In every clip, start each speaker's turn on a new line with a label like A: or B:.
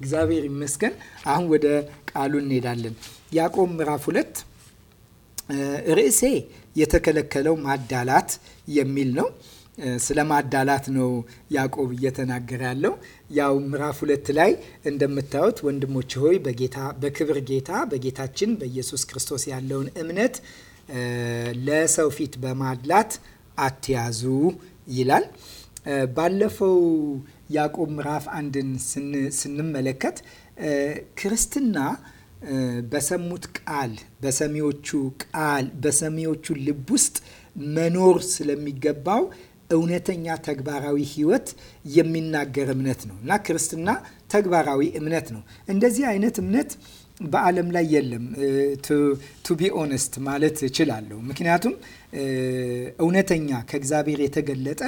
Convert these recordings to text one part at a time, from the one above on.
A: እግዚአብሔር ይመስገን። አሁን ወደ ቃሉ እንሄዳለን። ያዕቆብ ምዕራፍ ሁለት ርዕሴ የተከለከለው ማዳላት የሚል ነው። ስለ ማዳላት ነው ያዕቆብ እየተናገረ ያለው። ያው ምዕራፍ ሁለት ላይ እንደምታዩት ወንድሞች ሆይ በጌታ በክብር ጌታ በጌታችን በኢየሱስ ክርስቶስ ያለውን እምነት ለሰው ፊት በማድላት አትያዙ ይላል። ባለፈው ያዕቆብ ምዕራፍ አንድን ስንመለከት ክርስትና በሰሙት ቃል በሰሚዎቹ ቃል በሰሚዎቹ ልብ ውስጥ መኖር ስለሚገባው እውነተኛ ተግባራዊ ሕይወት የሚናገር እምነት ነው እና ክርስትና ተግባራዊ እምነት ነው። እንደዚህ አይነት እምነት በዓለም ላይ የለም። ቱቢ ኦነስት ማለት እችላለሁ። ምክንያቱም እውነተኛ ከእግዚአብሔር የተገለጠ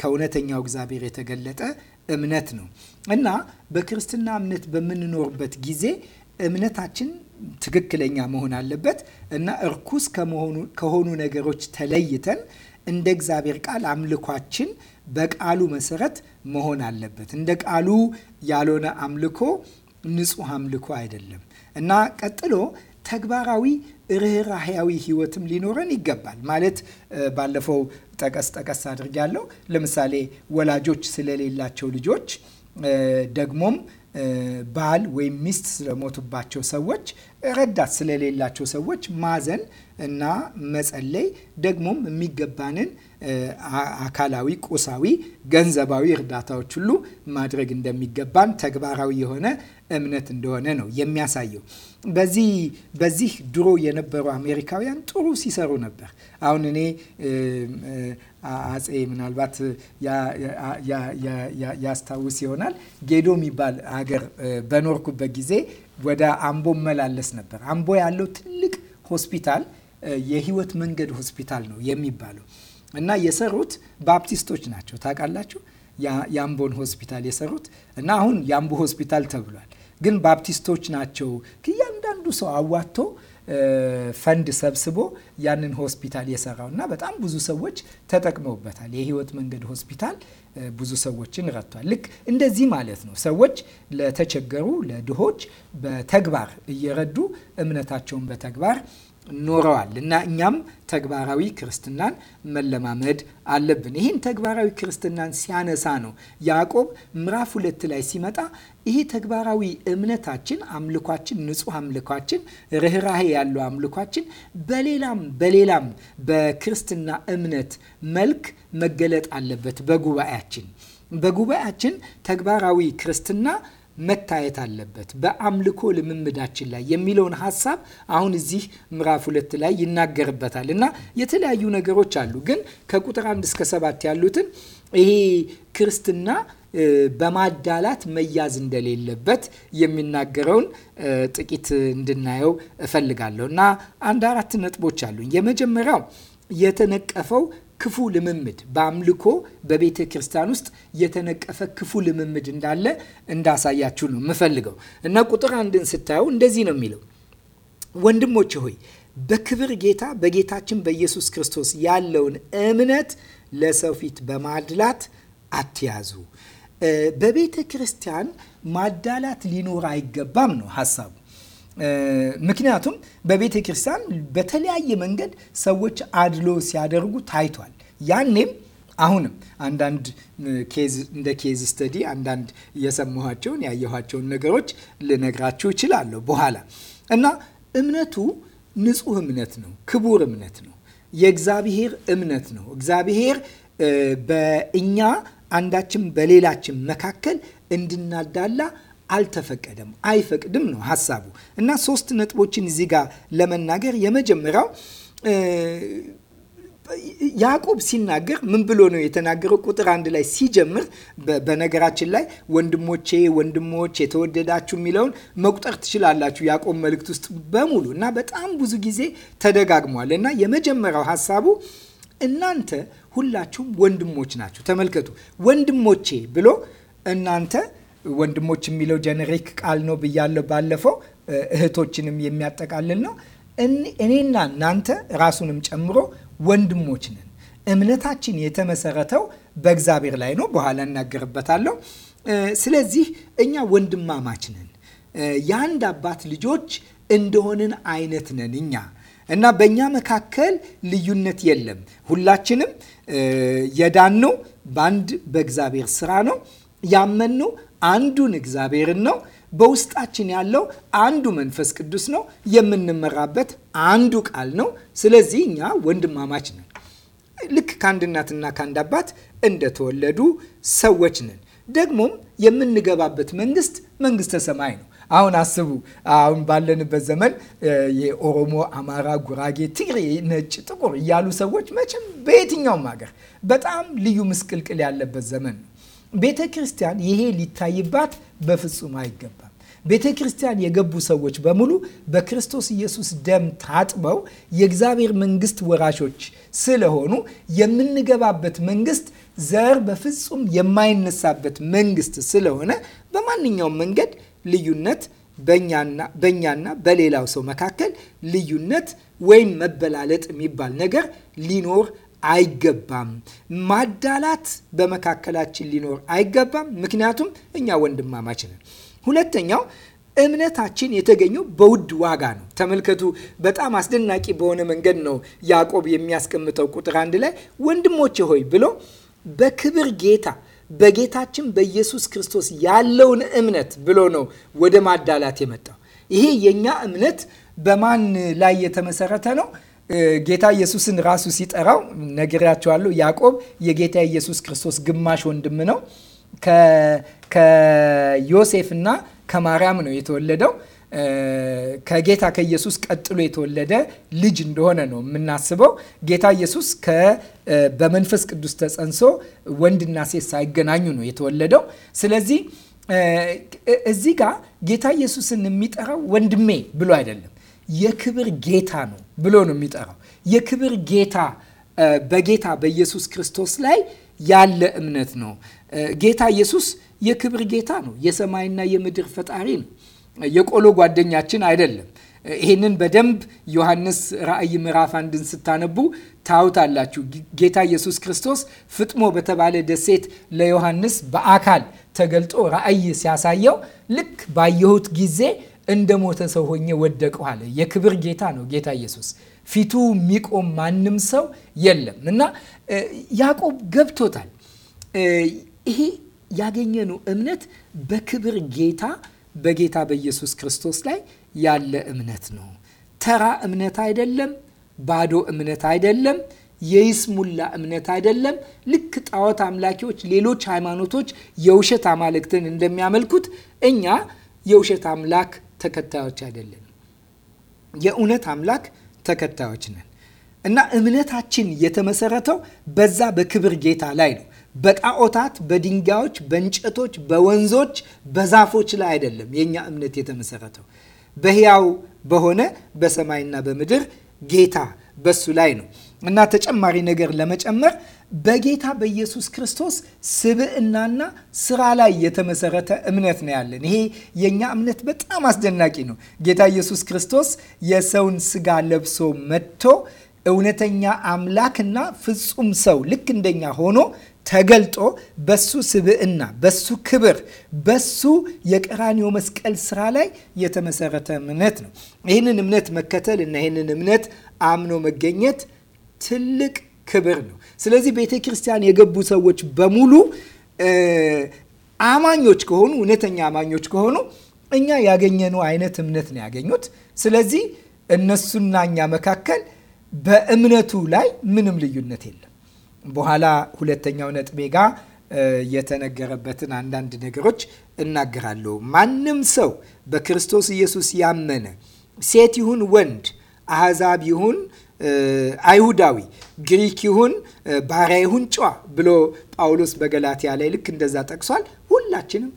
A: ከእውነተኛው እግዚአብሔር የተገለጠ እምነት ነው እና በክርስትና እምነት በምንኖርበት ጊዜ እምነታችን ትክክለኛ መሆን አለበት እና እርኩስ ከሆኑ ነገሮች ተለይተን እንደ እግዚአብሔር ቃል አምልኳችን በቃሉ መሰረት መሆን አለበት። እንደ ቃሉ ያልሆነ አምልኮ ንጹህ አምልኮ አይደለም እና ቀጥሎ ተግባራዊ ርኅራህያዊ ህይወትም ሊኖረን ይገባል። ማለት ባለፈው ጠቀስ ጠቀስ አድርጌያለሁ። ለምሳሌ ወላጆች ስለሌላቸው ልጆች ደግሞም ባል ወይም ሚስት ስለሞቱባቸው ሰዎች ረዳት ስለሌላቸው ሰዎች ማዘን እና መጸለይ ደግሞም የሚገባንን አካላዊ፣ ቁሳዊ፣ ገንዘባዊ እርዳታዎች ሁሉ ማድረግ እንደሚገባን ተግባራዊ የሆነ እምነት እንደሆነ ነው የሚያሳየው። በዚህ በዚህ ድሮ የነበሩ አሜሪካውያን ጥሩ ሲሰሩ ነበር። አሁን እኔ አጼ ምናልባት ያስታውስ ይሆናል ጌዶ የሚባል አገር በኖርኩበት ጊዜ ወደ አምቦ መላለስ ነበር። አምቦ ያለው ትልቅ ሆስፒታል የህይወት መንገድ ሆስፒታል ነው የሚባለው እና የሰሩት ባፕቲስቶች ናቸው ታውቃላችሁ። የአምቦን ሆስፒታል የሰሩት እና አሁን የአምቦ ሆስፒታል ተብሏል። ግን ባፕቲስቶች ናቸው ከእያንዳንዱ ሰው አዋጥቶ ፈንድ ሰብስቦ ያንን ሆስፒታል የሰራው እና በጣም ብዙ ሰዎች ተጠቅመውበታል። የህይወት መንገድ ሆስፒታል ብዙ ሰዎችን ረድቷል። ልክ እንደዚህ ማለት ነው። ሰዎች ለተቸገሩ ለድሆች በተግባር እየረዱ እምነታቸውን በተግባር ኖረዋል እና እኛም ተግባራዊ ክርስትናን መለማመድ አለብን። ይህን ተግባራዊ ክርስትናን ሲያነሳ ነው ያዕቆብ ምዕራፍ ሁለት ላይ ሲመጣ ይህ ተግባራዊ እምነታችን፣ አምልኳችን፣ ንጹህ አምልኳችን፣ ርኅራሄ ያለው አምልኳችን በሌላም በሌላም በክርስትና እምነት መልክ መገለጥ አለበት በጉባኤያችን በጉባኤያችን ተግባራዊ ክርስትና መታየት አለበት በአምልኮ ልምምዳችን ላይ የሚለውን ሀሳብ አሁን እዚህ ምዕራፍ ሁለት ላይ ይናገርበታል እና የተለያዩ ነገሮች አሉ። ግን ከቁጥር አንድ እስከ ሰባት ያሉትን ይሄ ክርስትና በማዳላት መያዝ እንደሌለበት የሚናገረውን ጥቂት እንድናየው እፈልጋለሁ እና አንድ አራት ነጥቦች አሉኝ። የመጀመሪያው የተነቀፈው ክፉ ልምምድ በአምልኮ በቤተ ክርስቲያን ውስጥ የተነቀፈ ክፉ ልምምድ እንዳለ እንዳሳያችሁ ነው የምፈልገው እና ቁጥር አንድን ስታየው እንደዚህ ነው የሚለው ወንድሞች ሆይ በክብር ጌታ በጌታችን በኢየሱስ ክርስቶስ ያለውን እምነት ለሰው ፊት በማድላት አትያዙ። በቤተ ክርስቲያን ማዳላት ሊኖር አይገባም ነው ሀሳቡ። ምክንያቱም በቤተ ክርስቲያን በተለያየ መንገድ ሰዎች አድሎ ሲያደርጉ ታይቷል። ያኔም አሁንም አንዳንድ ኬዝ እንደ ኬዝ ስተዲ አንዳንድ የሰማኋቸውን ያየኋቸውን ነገሮች ልነግራችሁ እችላለሁ በኋላ እና እምነቱ ንጹህ እምነት ነው። ክቡር እምነት ነው። የእግዚአብሔር እምነት ነው። እግዚአብሔር በእኛ አንዳችን በሌላችን መካከል እንድናዳላ አልተፈቀደም፣ አይፈቅድም ነው ሀሳቡ እና ሶስት ነጥቦችን እዚህ ጋር ለመናገር የመጀመሪያው ያዕቆብ ሲናገር ምን ብሎ ነው የተናገረው? ቁጥር አንድ ላይ ሲጀምር በነገራችን ላይ ወንድሞቼ ወንድሞች የተወደዳችሁ የሚለውን መቁጠር ትችላላችሁ ያዕቆብ መልእክት ውስጥ በሙሉ እና በጣም ብዙ ጊዜ ተደጋግሟል እና የመጀመሪያው ሀሳቡ እናንተ ሁላችሁም ወንድሞች ናችሁ። ተመልከቱ፣ ወንድሞቼ ብሎ እናንተ ወንድሞች የሚለው ጀነሪክ ቃል ነው ብያለው ባለፈው። እህቶችንም የሚያጠቃልል ነው። እኔና እናንተ ራሱንም ጨምሮ ወንድሞች ነን። እምነታችን የተመሰረተው በእግዚአብሔር ላይ ነው። በኋላ እናገርበታለሁ። ስለዚህ እኛ ወንድማማች ነን። የአንድ አባት ልጆች እንደሆንን አይነት ነን እኛ እና በእኛ መካከል ልዩነት የለም። ሁላችንም የዳነው በአንድ በእግዚአብሔር ስራ ነው። ያመንነው አንዱን እግዚአብሔርን ነው። በውስጣችን ያለው አንዱ መንፈስ ቅዱስ ነው። የምንመራበት አንዱ ቃል ነው። ስለዚህ እኛ ወንድማማች ነን። ልክ ከአንድ እናትና ከአንድ አባት እንደተወለዱ ሰዎች ነን። ደግሞም የምንገባበት መንግስት መንግስተ ሰማይ ነው። አሁን አስቡ። አሁን ባለንበት ዘመን የኦሮሞ፣ አማራ፣ ጉራጌ፣ ትግሬ፣ ነጭ፣ ጥቁር እያሉ ሰዎች መቼም በየትኛውም ሀገር በጣም ልዩ ምስቅልቅል ያለበት ዘመን ነው። ቤተ ክርስቲያን ይሄ ሊታይባት በፍጹም አይገባም። ቤተ ክርስቲያን የገቡ ሰዎች በሙሉ በክርስቶስ ኢየሱስ ደም ታጥበው የእግዚአብሔር መንግስት ወራሾች ስለሆኑ የምንገባበት መንግስት ዘር በፍጹም የማይነሳበት መንግስት ስለሆነ በማንኛውም መንገድ ልዩነት በእኛና በሌላው ሰው መካከል ልዩነት ወይም መበላለጥ የሚባል ነገር ሊኖር አይገባም። ማዳላት በመካከላችን ሊኖር አይገባም፣ ምክንያቱም እኛ ወንድማማች ነን። ሁለተኛው እምነታችን የተገኘው በውድ ዋጋ ነው። ተመልከቱ፣ በጣም አስደናቂ በሆነ መንገድ ነው ያዕቆብ የሚያስቀምጠው ቁጥር አንድ ላይ ወንድሞቼ ሆይ ብሎ በክብር ጌታ በጌታችን በኢየሱስ ክርስቶስ ያለውን እምነት ብሎ ነው ወደ ማዳላት የመጣው። ይሄ የእኛ እምነት በማን ላይ የተመሰረተ ነው? ጌታ ኢየሱስን ራሱ ሲጠራው ነግሬያቸዋለሁ። ያዕቆብ የጌታ ኢየሱስ ክርስቶስ ግማሽ ወንድም ነው። ከዮሴፍና ከማርያም ነው የተወለደው። ከጌታ ከኢየሱስ ቀጥሎ የተወለደ ልጅ እንደሆነ ነው የምናስበው። ጌታ ኢየሱስ በመንፈስ ቅዱስ ተጸንሶ ወንድና ሴት ሳይገናኙ ነው የተወለደው። ስለዚህ እዚህ ጋር ጌታ ኢየሱስን የሚጠራው ወንድሜ ብሎ አይደለም የክብር ጌታ ነው ብሎ ነው የሚጠራው። የክብር ጌታ በጌታ በኢየሱስ ክርስቶስ ላይ ያለ እምነት ነው። ጌታ ኢየሱስ የክብር ጌታ ነው። የሰማይና የምድር ፈጣሪ ነው። የቆሎ ጓደኛችን አይደለም። ይህንን በደንብ ዮሐንስ ራእይ ምዕራፍ አንድን ስታነቡ ታውታላችሁ። ጌታ ኢየሱስ ክርስቶስ ፍጥሞ በተባለ ደሴት ለዮሐንስ በአካል ተገልጦ ራእይ ሲያሳየው ልክ ባየሁት ጊዜ እንደ ሞተ ሰው ሆኜ ወደቅሁ አለ። የክብር ጌታ ነው ጌታ ኢየሱስ። ፊቱ የሚቆም ማንም ሰው የለም እና ያዕቆብ ገብቶታል። ይሄ ያገኘነው እምነት በክብር ጌታ በጌታ በኢየሱስ ክርስቶስ ላይ ያለ እምነት ነው። ተራ እምነት አይደለም። ባዶ እምነት አይደለም። የይስሙላ እምነት አይደለም። ልክ ጣዖት አምላኪዎች፣ ሌሎች ሃይማኖቶች የውሸት አማልክትን እንደሚያመልኩት እኛ የውሸት አምላክ ተከታዮች አይደለንም። የእውነት አምላክ ተከታዮች ነን እና እምነታችን የተመሰረተው በዛ በክብር ጌታ ላይ ነው። በጣዖታት፣ በድንጋዮች፣ በእንጨቶች፣ በወንዞች፣ በዛፎች ላይ አይደለም የእኛ እምነት የተመሰረተው በህያው በሆነ በሰማይና በምድር ጌታ በሱ ላይ ነው እና ተጨማሪ ነገር ለመጨመር በጌታ በኢየሱስ ክርስቶስ ስብዕናና ስራ ላይ የተመሰረተ እምነት ነው ያለን። ይሄ የእኛ እምነት በጣም አስደናቂ ነው። ጌታ ኢየሱስ ክርስቶስ የሰውን ስጋ ለብሶ መጥቶ እውነተኛ አምላክና ፍጹም ሰው ልክ እንደኛ ሆኖ ተገልጦ በሱ ስብዕና፣ በሱ ክብር፣ በሱ የቀራኒዮ መስቀል ስራ ላይ የተመሰረተ እምነት ነው። ይህንን እምነት መከተል እና ይህንን እምነት አምኖ መገኘት ትልቅ ክብር ነው። ስለዚህ ቤተ ክርስቲያን የገቡ ሰዎች በሙሉ አማኞች ከሆኑ እውነተኛ አማኞች ከሆኑ እኛ ያገኘነው አይነት እምነት ነው ያገኙት። ስለዚህ እነሱና እኛ መካከል በእምነቱ ላይ ምንም ልዩነት የለም። በኋላ ሁለተኛው ነጥቤ ጋ የተነገረበትን አንዳንድ ነገሮች እናገራለሁ። ማንም ሰው በክርስቶስ ኢየሱስ ያመነ ሴት ይሁን ወንድ፣ አህዛብ ይሁን አይሁዳዊ፣ ግሪክ ይሁን ባሪያ ይሁን ጨዋ ብሎ ጳውሎስ በገላትያ ላይ ልክ እንደዛ ጠቅሷል። ሁላችንም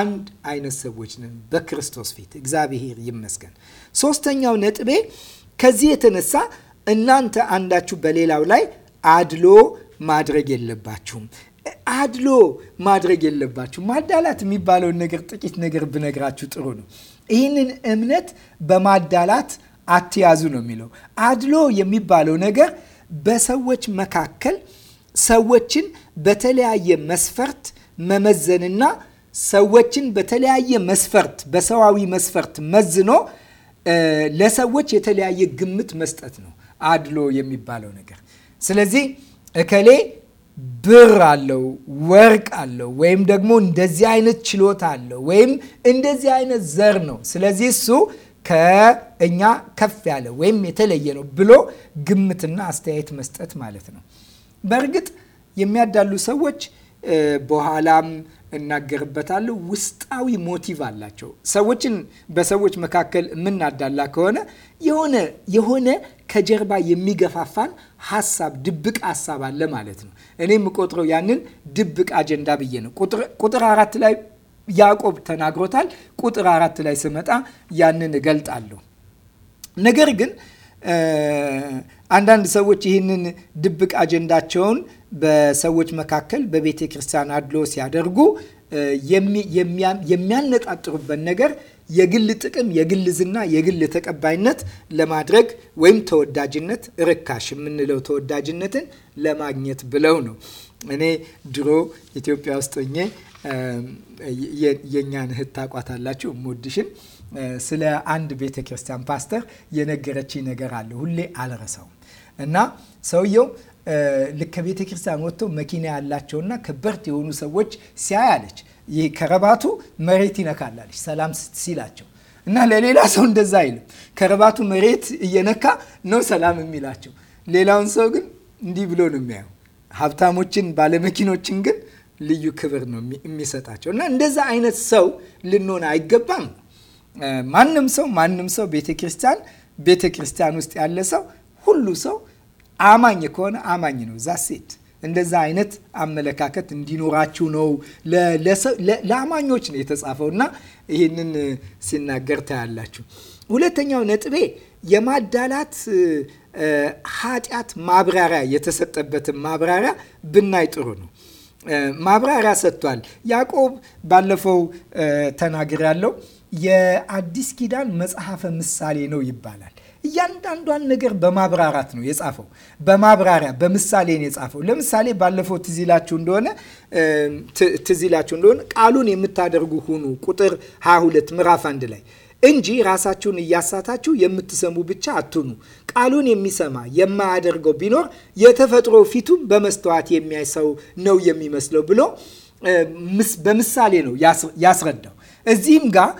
A: አንድ አይነት ሰዎች ነን በክርስቶስ ፊት። እግዚአብሔር ይመስገን። ሶስተኛው ነጥቤ ከዚህ የተነሳ እናንተ አንዳችሁ በሌላው ላይ አድሎ ማድረግ የለባችሁም። አድሎ ማድረግ የለባችሁ ማዳላት የሚባለውን ነገር ጥቂት ነገር ብነግራችሁ ጥሩ ነው። ይህንን እምነት በማዳላት አትያዙ ነው የሚለው። አድሎ የሚባለው ነገር በሰዎች መካከል ሰዎችን በተለያየ መስፈርት መመዘንና ሰዎችን በተለያየ መስፈርት በሰዋዊ መስፈርት መዝኖ ለሰዎች የተለያየ ግምት መስጠት ነው አድሎ የሚባለው ነገር። ስለዚህ እከሌ ብር አለው፣ ወርቅ አለው፣ ወይም ደግሞ እንደዚህ አይነት ችሎታ አለው፣ ወይም እንደዚህ አይነት ዘር ነው። ስለዚህ እሱ ከእኛ ከፍ ያለ ወይም የተለየ ነው ብሎ ግምትና አስተያየት መስጠት ማለት ነው። በእርግጥ የሚያዳሉ ሰዎች በኋላም እናገርበታለሁ ውስጣዊ ሞቲቭ አላቸው። ሰዎችን በሰዎች መካከል የምናዳላ ከሆነ የሆነ የሆነ ከጀርባ የሚገፋፋን ሀሳብ ድብቅ ሀሳብ አለ ማለት ነው። እኔ የምቆጥረው ያንን ድብቅ አጀንዳ ብዬ ነው። ቁጥር አራት ላይ ያዕቆብ ተናግሮታል። ቁጥር አራት ላይ ስመጣ ያንን እገልጣለሁ። ነገር ግን አንዳንድ ሰዎች ይህንን ድብቅ አጀንዳቸውን በሰዎች መካከል በቤተ ክርስቲያን አድሎ ሲያደርጉ የሚያነጣጥሩበት ነገር የግል ጥቅም፣ የግል ዝና፣ የግል ተቀባይነት ለማድረግ ወይም ተወዳጅነት፣ ርካሽ የምንለው ተወዳጅነትን ለማግኘት ብለው ነው። እኔ ድሮ ኢትዮጵያ ውስጥ ሆኜ የእኛን እህት ታውቋታላችሁ ሙድሽን ስለ አንድ ቤተ ክርስቲያን ፓስተር የነገረች ነገር አለ ሁሌ አልረሳውም። እና ሰውየው ልክ ከቤተ ክርስቲያን ወጥቶ መኪና ያላቸውና ከበርት የሆኑ ሰዎች ሲያያለች ይህ ከረባቱ መሬት ይነካላለች ሰላም ሲላቸው እና ለሌላ ሰው እንደዛ አይልም። ከረባቱ መሬት እየነካ ነው ሰላም የሚላቸው። ሌላውን ሰው ግን እንዲህ ብሎ ነው የሚያየው። ሀብታሞችን ባለመኪኖችን ግን ልዩ ክብር ነው የሚሰጣቸው እና እንደዛ አይነት ሰው ልንሆን አይገባም። ማንም ሰው ማንም ሰው ቤተ ክርስቲያን ቤተ ክርስቲያን ውስጥ ያለ ሰው ሁሉ ሰው አማኝ ከሆነ አማኝ ነው። ሴት እንደዛ አይነት አመለካከት እንዲኖራችሁ ነው። ለአማኞች ነው የተጻፈው እና ይህንን ሲናገር ታያላችሁ። ሁለተኛው ነጥቤ የማዳላት ኃጢአት ማብራሪያ የተሰጠበትን ማብራሪያ ብናይ ጥሩ ነው። ማብራሪያ ሰጥቷል። ያዕቆብ ባለፈው ተናግር ያለው የአዲስ ኪዳን መጽሐፈ ምሳሌ ነው ይባላል። እያንዳንዷን ነገር በማብራራት ነው የጻፈው። በማብራሪያ በምሳሌ ነው የጻፈው። ለምሳሌ ባለፈው ትዚላችሁ እንደሆነ ትዚላችሁ እንደሆነ ቃሉን የምታደርጉ ሁኑ ቁጥር 22 ምዕራፍ አንድ ላይ እንጂ ራሳችሁን እያሳታችሁ የምትሰሙ ብቻ አትኑ። ቃሉን የሚሰማ የማያደርገው ቢኖር የተፈጥሮ ፊቱም በመስተዋት የሚያይ ሰው ነው የሚመስለው ብሎ በምሳሌ ነው ያስረዳው። እዚህም ጋር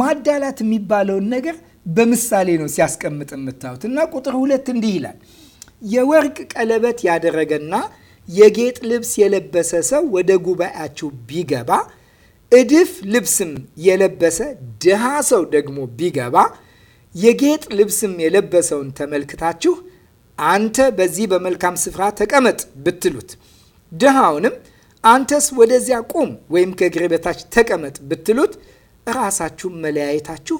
A: ማዳላት የሚባለውን ነገር በምሳሌ ነው ሲያስቀምጥ የምታዩት እና ቁጥር ሁለት እንዲህ ይላል የወርቅ ቀለበት ያደረገና የጌጥ ልብስ የለበሰ ሰው ወደ ጉባኤያችሁ ቢገባ እድፍ ልብስም የለበሰ ድሃ ሰው ደግሞ ቢገባ የጌጥ ልብስም የለበሰውን ተመልክታችሁ አንተ በዚህ በመልካም ስፍራ ተቀመጥ ብትሉት፣ ድሃውንም አንተስ ወደዚያ ቁም ወይም ከእግሬ በታች ተቀመጥ ብትሉት ራሳችሁ መለያየታችሁ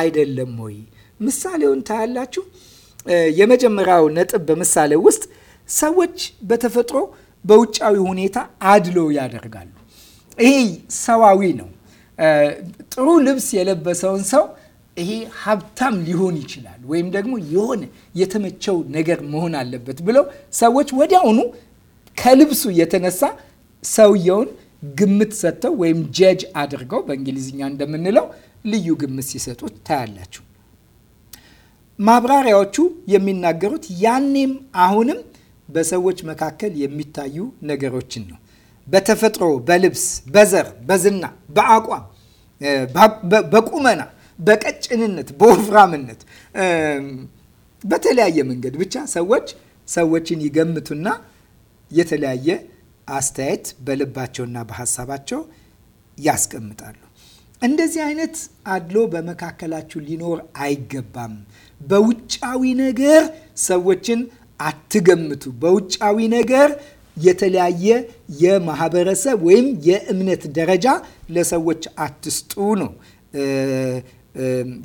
A: አይደለም ወይ? ምሳሌውን ታያላችሁ። የመጀመሪያው ነጥብ በምሳሌው ውስጥ ሰዎች በተፈጥሮ በውጫዊ ሁኔታ አድሎ ያደርጋሉ። ይሄ ሰዋዊ ነው። ጥሩ ልብስ የለበሰውን ሰው ይሄ ሀብታም ሊሆን ይችላል ወይም ደግሞ የሆነ የተመቸው ነገር መሆን አለበት ብለው ሰዎች ወዲያውኑ ከልብሱ የተነሳ ሰውየውን ግምት ሰጥተው ወይም ጀጅ አድርገው በእንግሊዝኛ እንደምንለው ልዩ ግምት ሲሰጡት ታያላችሁ። ማብራሪያዎቹ የሚናገሩት ያኔም አሁንም በሰዎች መካከል የሚታዩ ነገሮችን ነው። በተፈጥሮ፣ በልብስ፣ በዘር፣ በዝና፣ በአቋም፣ በቁመና፣ በቀጭንነት፣ በወፍራምነት በተለያየ መንገድ ብቻ ሰዎች ሰዎችን ይገምቱና የተለያየ አስተያየት በልባቸውና በሀሳባቸው ያስቀምጣሉ። እንደዚህ አይነት አድሎ በመካከላችሁ ሊኖር አይገባም። በውጫዊ ነገር ሰዎችን አትገምቱ። በውጫዊ ነገር የተለያየ የማህበረሰብ ወይም የእምነት ደረጃ ለሰዎች አትስጡ ነው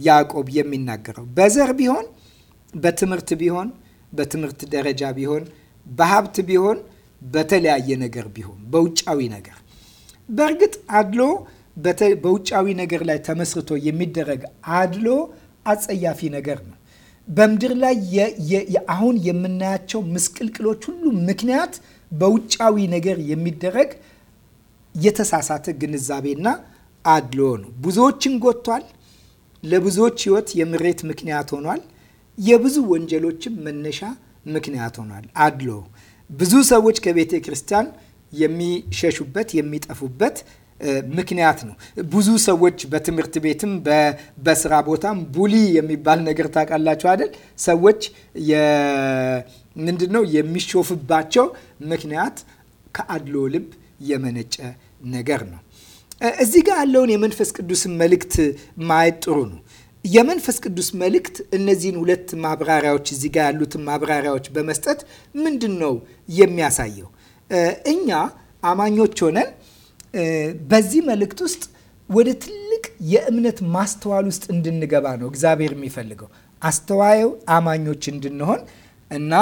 A: ያዕቆብ የሚናገረው። በዘር ቢሆን፣ በትምህርት ቢሆን፣ በትምህርት ደረጃ ቢሆን፣ በሀብት ቢሆን፣ በተለያየ ነገር ቢሆን፣ በውጫዊ ነገር በእርግጥ አድሎ በውጫዊ ነገር ላይ ተመስርቶ የሚደረግ አድሎ አጸያፊ ነገር ነው። በምድር ላይ አሁን የምናያቸው ምስቅልቅሎች ሁሉ ምክንያት በውጫዊ ነገር የሚደረግ የተሳሳተ ግንዛቤና አድሎ ነው። ብዙዎችን ጎጥቷል። ለብዙዎች ህይወት የምሬት ምክንያት ሆኗል። የብዙ ወንጀሎችም መነሻ ምክንያት ሆኗል። አድሎ ብዙ ሰዎች ከቤተ ክርስቲያን የሚሸሹበት የሚጠፉበት ምክንያት ነው። ብዙ ሰዎች በትምህርት ቤትም በስራ ቦታም ቡሊ የሚባል ነገር ታውቃላችሁ አይደል? ሰዎች ምንድን ነው የሚሾፍባቸው ምክንያት ከአድሎ ልብ የመነጨ ነገር ነው። እዚህ ጋር ያለውን የመንፈስ ቅዱስን መልእክት ማየት ጥሩ ነው። የመንፈስ ቅዱስ መልእክት እነዚህን ሁለት ማብራሪያዎች እዚህ ጋር ያሉትን ማብራሪያዎች በመስጠት ምንድን ነው የሚያሳየው? እኛ አማኞች ሆነን በዚህ መልእክት ውስጥ ወደ ትልቅ የእምነት ማስተዋል ውስጥ እንድንገባ ነው እግዚአብሔር የሚፈልገው አስተዋየው አማኞች እንድንሆን እና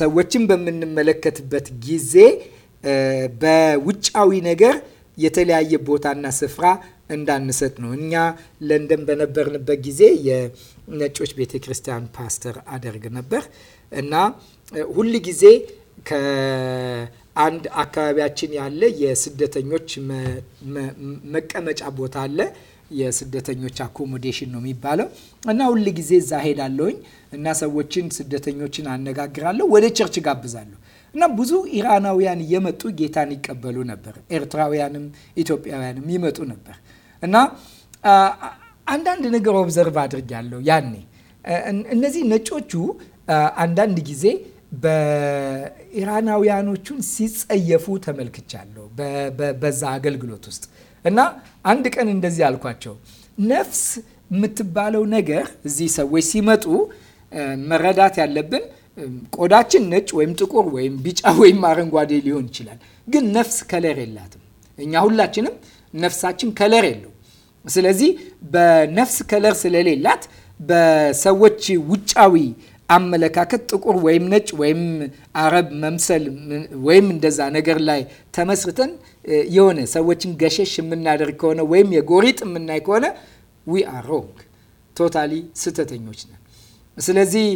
A: ሰዎችን በምንመለከትበት ጊዜ በውጫዊ ነገር የተለያየ ቦታና ስፍራ እንዳንሰጥ ነው። እኛ ለንደን በነበርንበት ጊዜ የነጮች ቤተ ክርስቲያን ፓስተር አደርግ ነበር እና ሁል ጊዜ ከአንድ አካባቢያችን ያለ የስደተኞች መቀመጫ ቦታ አለ። የስደተኞች አኮሞዴሽን ነው የሚባለው እና ሁል ጊዜ እዛ ሄዳለውኝ እና ሰዎችን ስደተኞችን አነጋግራለሁ፣ ወደ ቸርች ጋብዛለሁ እና ብዙ ኢራናውያን እየመጡ ጌታን ይቀበሉ ነበር። ኤርትራውያንም ኢትዮጵያውያንም ይመጡ ነበር እና አንዳንድ ነገር ኦብዘርቭ አድርጌያለሁ ያኔ እነዚህ ነጮቹ አንዳንድ ጊዜ በኢራናውያኖቹን ሲጸየፉ ተመልክቻለሁ በዛ አገልግሎት ውስጥ እና አንድ ቀን እንደዚህ አልኳቸው ነፍስ የምትባለው ነገር እዚህ ሰዎች ሲመጡ መረዳት ያለብን ቆዳችን ነጭ ወይም ጥቁር ወይም ቢጫ ወይም አረንጓዴ ሊሆን ይችላል። ግን ነፍስ ከለር የላትም። እኛ ሁላችንም ነፍሳችን ከለር የለው። ስለዚህ በነፍስ ከለር ስለሌላት በሰዎች ውጫዊ አመለካከት ጥቁር ወይም ነጭ ወይም አረብ መምሰል ወይም እንደዛ ነገር ላይ ተመስርተን የሆነ ሰዎችን ገሸሽ የምናደርግ ከሆነ ወይም የጎሪጥ የምናይ ከሆነ ዊ አር ሮንግ ቶታሊ ስህተተኞች ነን። ስለዚህ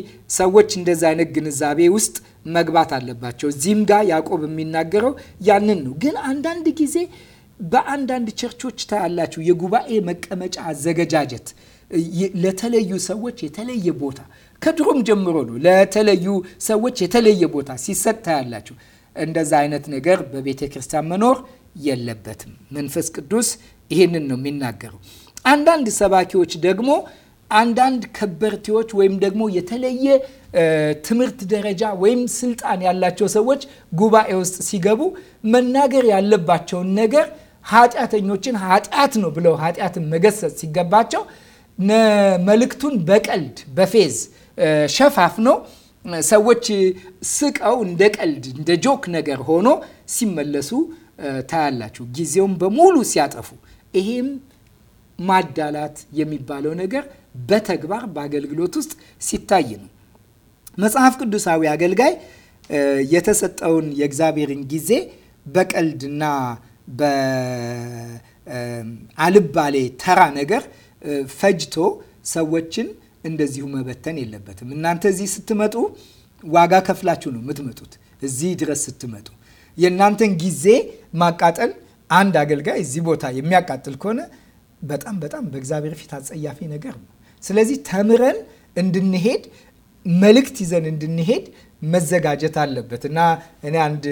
A: ሰዎች እንደዚ አይነት ግንዛቤ ውስጥ መግባት አለባቸው። እዚህም ጋር ያዕቆብ የሚናገረው ያንን ነው። ግን አንዳንድ ጊዜ በአንዳንድ ቸርቾች ታያላችሁ የጉባኤ መቀመጫ አዘገጃጀት ለተለዩ ሰዎች የተለየ ቦታ ከድሮም ጀምሮ ነው። ለተለዩ ሰዎች የተለየ ቦታ ሲሰጥ ታያላችሁ። እንደዛ አይነት ነገር በቤተ ክርስቲያን መኖር የለበትም። መንፈስ ቅዱስ ይህንን ነው የሚናገረው። አንዳንድ ሰባኪዎች ደግሞ አንዳንድ ከበርቴዎች ወይም ደግሞ የተለየ ትምህርት ደረጃ ወይም ስልጣን ያላቸው ሰዎች ጉባኤ ውስጥ ሲገቡ መናገር ያለባቸውን ነገር ኃጢአተኞችን ኃጢአት ነው ብለው ኃጢአትን መገሰጽ ሲገባቸው መልእክቱን በቀልድ በፌዝ ሸፋፍ ነው ሰዎች ስቀው እንደ ቀልድ እንደ ጆክ ነገር ሆኖ ሲመለሱ ታያላችሁ። ጊዜውን በሙሉ ሲያጠፉ ይሄም ማዳላት የሚባለው ነገር በተግባር በአገልግሎት ውስጥ ሲታይ ነው። መጽሐፍ ቅዱሳዊ አገልጋይ የተሰጠውን የእግዚአብሔርን ጊዜ በቀልድና በአልባሌ ተራ ነገር ፈጅቶ ሰዎችን እንደዚሁ መበተን የለበትም። እናንተ እዚህ ስትመጡ ዋጋ ከፍላችሁ ነው የምትመጡት። እዚህ ድረስ ስትመጡ የእናንተን ጊዜ ማቃጠል አንድ አገልጋይ እዚህ ቦታ የሚያቃጥል ከሆነ በጣም በጣም በእግዚአብሔር ፊት አጸያፊ ነገር ነው። ስለዚህ ተምረን እንድንሄድ መልእክት ይዘን እንድንሄድ መዘጋጀት አለበት እና እኔ አንድ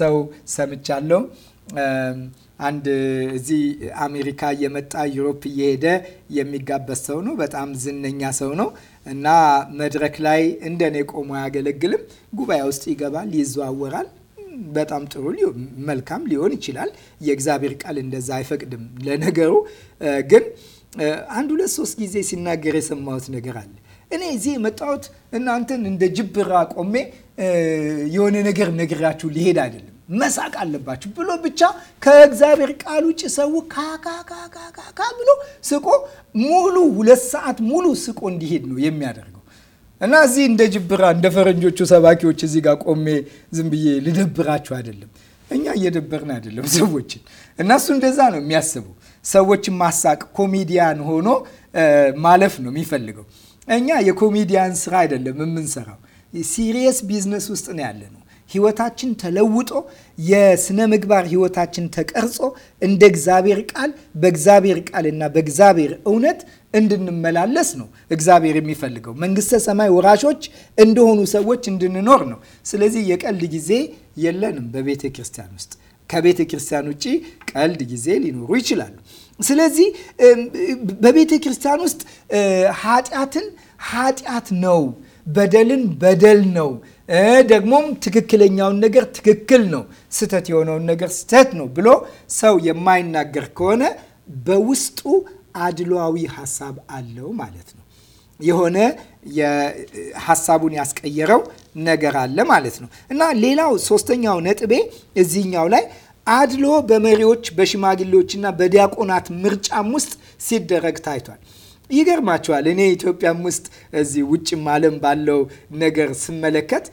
A: ሰው ሰምቻለሁ። አንድ እዚህ አሜሪካ እየመጣ ዩሮፕ እየሄደ የሚጋበዝ ሰው ነው። በጣም ዝነኛ ሰው ነው እና መድረክ ላይ እንደኔ ቆሞ አያገለግልም። ጉባኤ ውስጥ ይገባል፣ ይዘዋወራል። በጣም ጥሩ መልካም ሊሆን ይችላል። የእግዚአብሔር ቃል እንደዛ አይፈቅድም። ለነገሩ ግን አንድ ሁለት ሶስት ጊዜ ሲናገር የሰማሁት ነገር አለ። እኔ እዚህ የመጣሁት እናንተን እንደ ጅብራ ቆሜ የሆነ ነገር ነግራችሁ ሊሄድ አይደለም፣ መሳቅ አለባችሁ ብሎ ብቻ ከእግዚአብሔር ቃል ውጭ ሰው ካካካካካ ብሎ ስቆ ሙሉ ሁለት ሰዓት ሙሉ ስቆ እንዲሄድ ነው የሚያደርገው እና እዚህ እንደ ጅብራ እንደ ፈረንጆቹ ሰባኪዎች እዚህ ጋር ቆሜ ዝም ብዬ ልደብራችሁ አይደለም። እኛ እየደበርን አይደለም ሰዎችን እና እሱ እንደዛ ነው የሚያስበው ሰዎችን ማሳቅ ኮሚዲያን ሆኖ ማለፍ ነው የሚፈልገው። እኛ የኮሚዲያን ስራ አይደለም የምንሰራው፣ ሲሪየስ ቢዝነስ ውስጥ ነው ያለ ነው። ህይወታችን ተለውጦ የስነ ምግባር ህይወታችን ተቀርጾ እንደ እግዚአብሔር ቃል በእግዚአብሔር ቃልና በእግዚአብሔር እውነት እንድንመላለስ ነው እግዚአብሔር የሚፈልገው። መንግስተ ሰማይ ወራሾች እንደሆኑ ሰዎች እንድንኖር ነው። ስለዚህ የቀልድ ጊዜ የለንም በቤተ ክርስቲያን ውስጥ። ከቤተ ክርስቲያን ውጭ ቀልድ ጊዜ ሊኖሩ ይችላሉ። ስለዚህ በቤተ ክርስቲያን ውስጥ ኃጢአትን ኃጢአት ነው፣ በደልን በደል ነው፣ ደግሞም ትክክለኛውን ነገር ትክክል ነው፣ ስህተት የሆነውን ነገር ስህተት ነው ብሎ ሰው የማይናገር ከሆነ በውስጡ አድሏዊ ሀሳብ አለው ማለት ነው። የሆነ ሀሳቡን ያስቀየረው ነገር አለ ማለት ነው። እና ሌላው ሶስተኛው ነጥቤ እዚህኛው ላይ አድሎ በመሪዎች በሽማግሌዎችና በዲያቆናት ምርጫም ውስጥ ሲደረግ ታይቷል። ይገርማቸዋል። እኔ ኢትዮጵያም ውስጥ እዚህ ውጭም ዓለም ባለው ነገር ስመለከት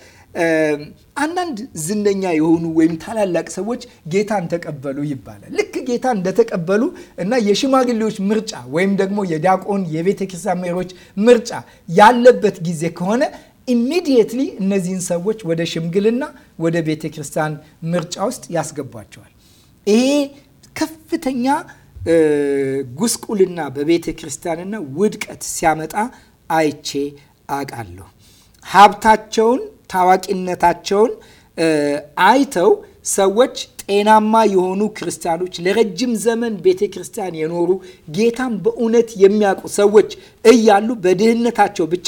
A: አንዳንድ ዝነኛ የሆኑ ወይም ታላላቅ ሰዎች ጌታን ተቀበሉ ይባላል። ልክ ጌታ እንደተቀበሉ እና የሽማግሌዎች ምርጫ ወይም ደግሞ የዲያቆን የቤተ ክርስቲያን መሪዎች ምርጫ ያለበት ጊዜ ከሆነ ኢሚዲየትሊ እነዚህን ሰዎች ወደ ሽምግልና ወደ ቤተ ክርስቲያን ምርጫ ውስጥ ያስገቧቸዋል። ይሄ ከፍተኛ ጉስቁልና በቤተ ክርስቲያንና ውድቀት ሲያመጣ አይቼ አውቃለሁ። ሀብታቸውን፣ ታዋቂነታቸውን አይተው ሰዎች ጤናማ የሆኑ ክርስቲያኖች ለረጅም ዘመን ቤተ ክርስቲያን የኖሩ ጌታን በእውነት የሚያውቁ ሰዎች እያሉ በድህነታቸው ብቻ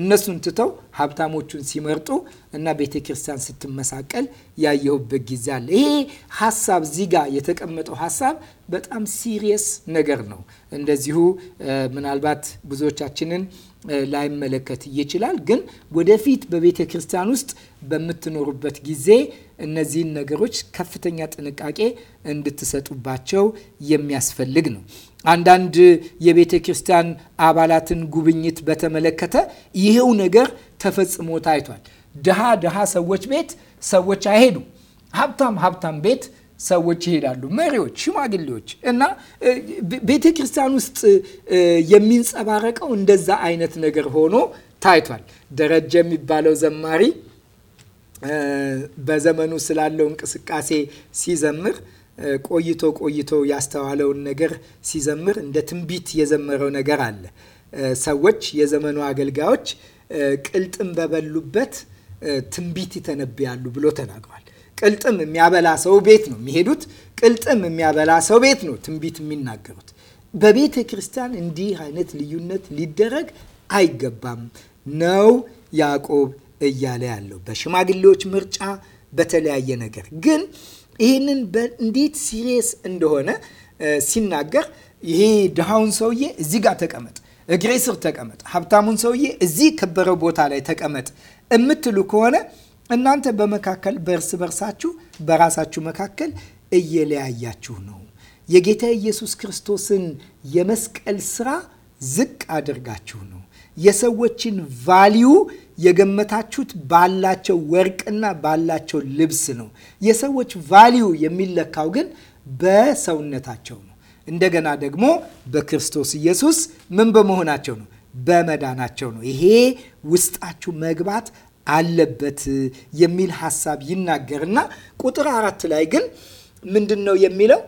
A: እነሱን ትተው ሀብታሞቹን ሲመርጡ እና ቤተ ክርስቲያን ስትመሳቀል ያየሁበት ጊዜ አለ። ይሄ ሀሳብ እዚህ የተቀመጠው ሀሳብ በጣም ሲሪየስ ነገር ነው። እንደዚሁ ምናልባት ብዙዎቻችንን ላይመለከት ይችላል። ግን ወደፊት በቤተ ክርስቲያን ውስጥ በምትኖሩበት ጊዜ እነዚህን ነገሮች ከፍተኛ ጥንቃቄ እንድትሰጡባቸው የሚያስፈልግ ነው። አንዳንድ የቤተ ክርስቲያን አባላትን ጉብኝት በተመለከተ ይሄው ነገር ተፈጽሞ ታይቷል። ድሃ ድሃ ሰዎች ቤት ሰዎች አይሄዱ፣ ሀብታም ሀብታም ቤት ሰዎች ይሄዳሉ። መሪዎች፣ ሽማግሌዎች እና ቤተ ክርስቲያን ውስጥ የሚንጸባረቀው እንደዛ አይነት ነገር ሆኖ ታይቷል። ደረጀ የሚባለው ዘማሪ በዘመኑ ስላለው እንቅስቃሴ ሲዘምር ቆይቶ ቆይቶ ያስተዋለውን ነገር ሲዘምር እንደ ትንቢት የዘመረው ነገር አለ። ሰዎች የዘመኑ አገልጋዮች ቅልጥም በበሉበት ትንቢት ይተነብያሉ ብሎ ተናግሯል። ቅልጥም የሚያበላ ሰው ቤት ነው የሚሄዱት። ቅልጥም የሚያበላ ሰው ቤት ነው ትንቢት የሚናገሩት። በቤተ ክርስቲያን እንዲህ አይነት ልዩነት ሊደረግ አይገባም ነው ያዕቆብ እያለ ያለው በሽማግሌዎች ምርጫ፣ በተለያየ ነገር ግን ይህንን እንዴት ሲሪየስ እንደሆነ ሲናገር ይሄ ድሃውን ሰውዬ እዚህ ጋር ተቀመጥ፣ እግሬ ስር ተቀመጥ፣ ሀብታሙን ሰውዬ እዚህ ከበረው ቦታ ላይ ተቀመጥ የምትሉ ከሆነ እናንተ በመካከል በእርስ በርሳችሁ በራሳችሁ መካከል እየለያያችሁ ነው። የጌታ ኢየሱስ ክርስቶስን የመስቀል ስራ ዝቅ አድርጋችሁ ነው የሰዎችን ቫሊዩ የገመታችሁት ባላቸው ወርቅና ባላቸው ልብስ ነው። የሰዎች ቫሊዩ የሚለካው ግን በሰውነታቸው ነው። እንደገና ደግሞ በክርስቶስ ኢየሱስ ምን በመሆናቸው ነው? በመዳናቸው ነው። ይሄ ውስጣችሁ መግባት አለበት የሚል ሀሳብ ይናገርና ቁጥር አራት ላይ ግን ምንድን ነው የሚለው?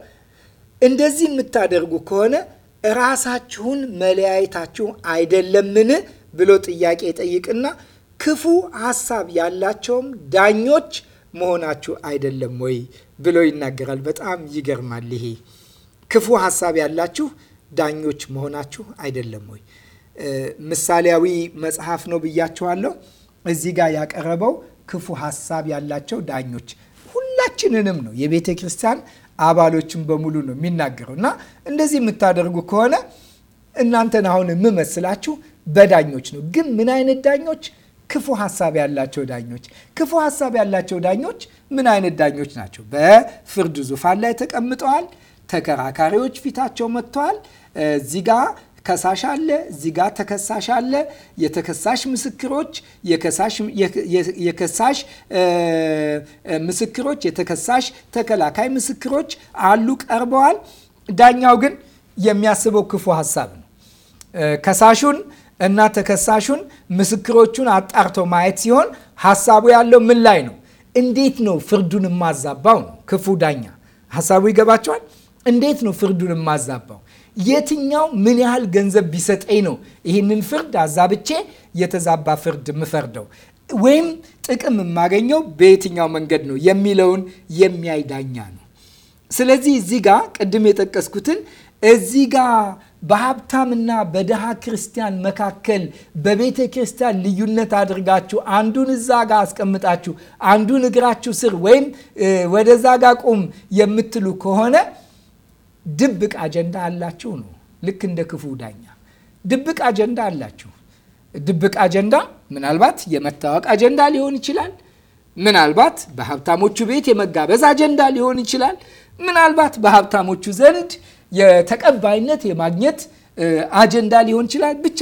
A: እንደዚህ የምታደርጉ ከሆነ ራሳችሁን መለያየታችሁ አይደለምን ብሎ ጥያቄ ጠይቅና ክፉ ሀሳብ ያላቸውም ዳኞች መሆናችሁ አይደለም ወይ ብሎ ይናገራል። በጣም ይገርማል። ይሄ ክፉ ሀሳብ ያላችሁ ዳኞች መሆናችሁ አይደለም ወይ? ምሳሌያዊ መጽሐፍ ነው ብያችኋለሁ። እዚህ ጋር ያቀረበው ክፉ ሀሳብ ያላቸው ዳኞች ሁላችንንም ነው የቤተ ክርስቲያን አባሎችን በሙሉ ነው የሚናገረው። እና እንደዚህ የምታደርጉ ከሆነ እናንተን አሁን የምመስላችሁ በዳኞች ነው። ግን ምን አይነት ዳኞች? ክፉ ሀሳብ ያላቸው ዳኞች። ክፉ ሀሳብ ያላቸው ዳኞች ምን አይነት ዳኞች ናቸው? በፍርድ ዙፋን ላይ ተቀምጠዋል። ተከራካሪዎች ፊታቸው መጥተዋል። እዚህ ጋ ከሳሽ አለ፣ እዚህ ጋ ተከሳሽ አለ። የተከሳሽ ምስክሮች፣ የከሳሽ ምስክሮች፣ የተከሳሽ ተከላካይ ምስክሮች አሉ፣ ቀርበዋል። ዳኛው ግን የሚያስበው ክፉ ሀሳብ ነው። ከሳሹን እና ተከሳሹን ምስክሮቹን አጣርቶ ማየት ሲሆን ሀሳቡ ያለው ምን ላይ ነው? እንዴት ነው ፍርዱን የማዛባው ነው። ክፉ ዳኛ ሀሳቡ ይገባቸዋል። እንዴት ነው ፍርዱን የማዛባው? የትኛው ምን ያህል ገንዘብ ቢሰጠኝ ነው ይህንን ፍርድ አዛብቼ የተዛባ ፍርድ የምፈርደው ወይም ጥቅም የማገኘው በየትኛው መንገድ ነው የሚለውን የሚያይ ዳኛ ነው። ስለዚህ እዚህ ጋር ቅድም የጠቀስኩትን እዚህ ጋር በሀብታምና በድሃ ክርስቲያን መካከል በቤተ ክርስቲያን ልዩነት አድርጋችሁ አንዱን እዛ ጋር አስቀምጣችሁ አንዱን እግራችሁ ስር ወይም ወደዛ ጋር ቁም የምትሉ ከሆነ ድብቅ አጀንዳ አላችሁ ነው። ልክ እንደ ክፉ ዳኛ ድብቅ አጀንዳ አላችሁ። ድብቅ አጀንዳ ምናልባት የመታወቅ አጀንዳ ሊሆን ይችላል። ምናልባት በሀብታሞቹ ቤት የመጋበዝ አጀንዳ ሊሆን ይችላል። ምናልባት በሀብታሞቹ ዘንድ የተቀባይነት የማግኘት አጀንዳ ሊሆን ይችላል። ብቻ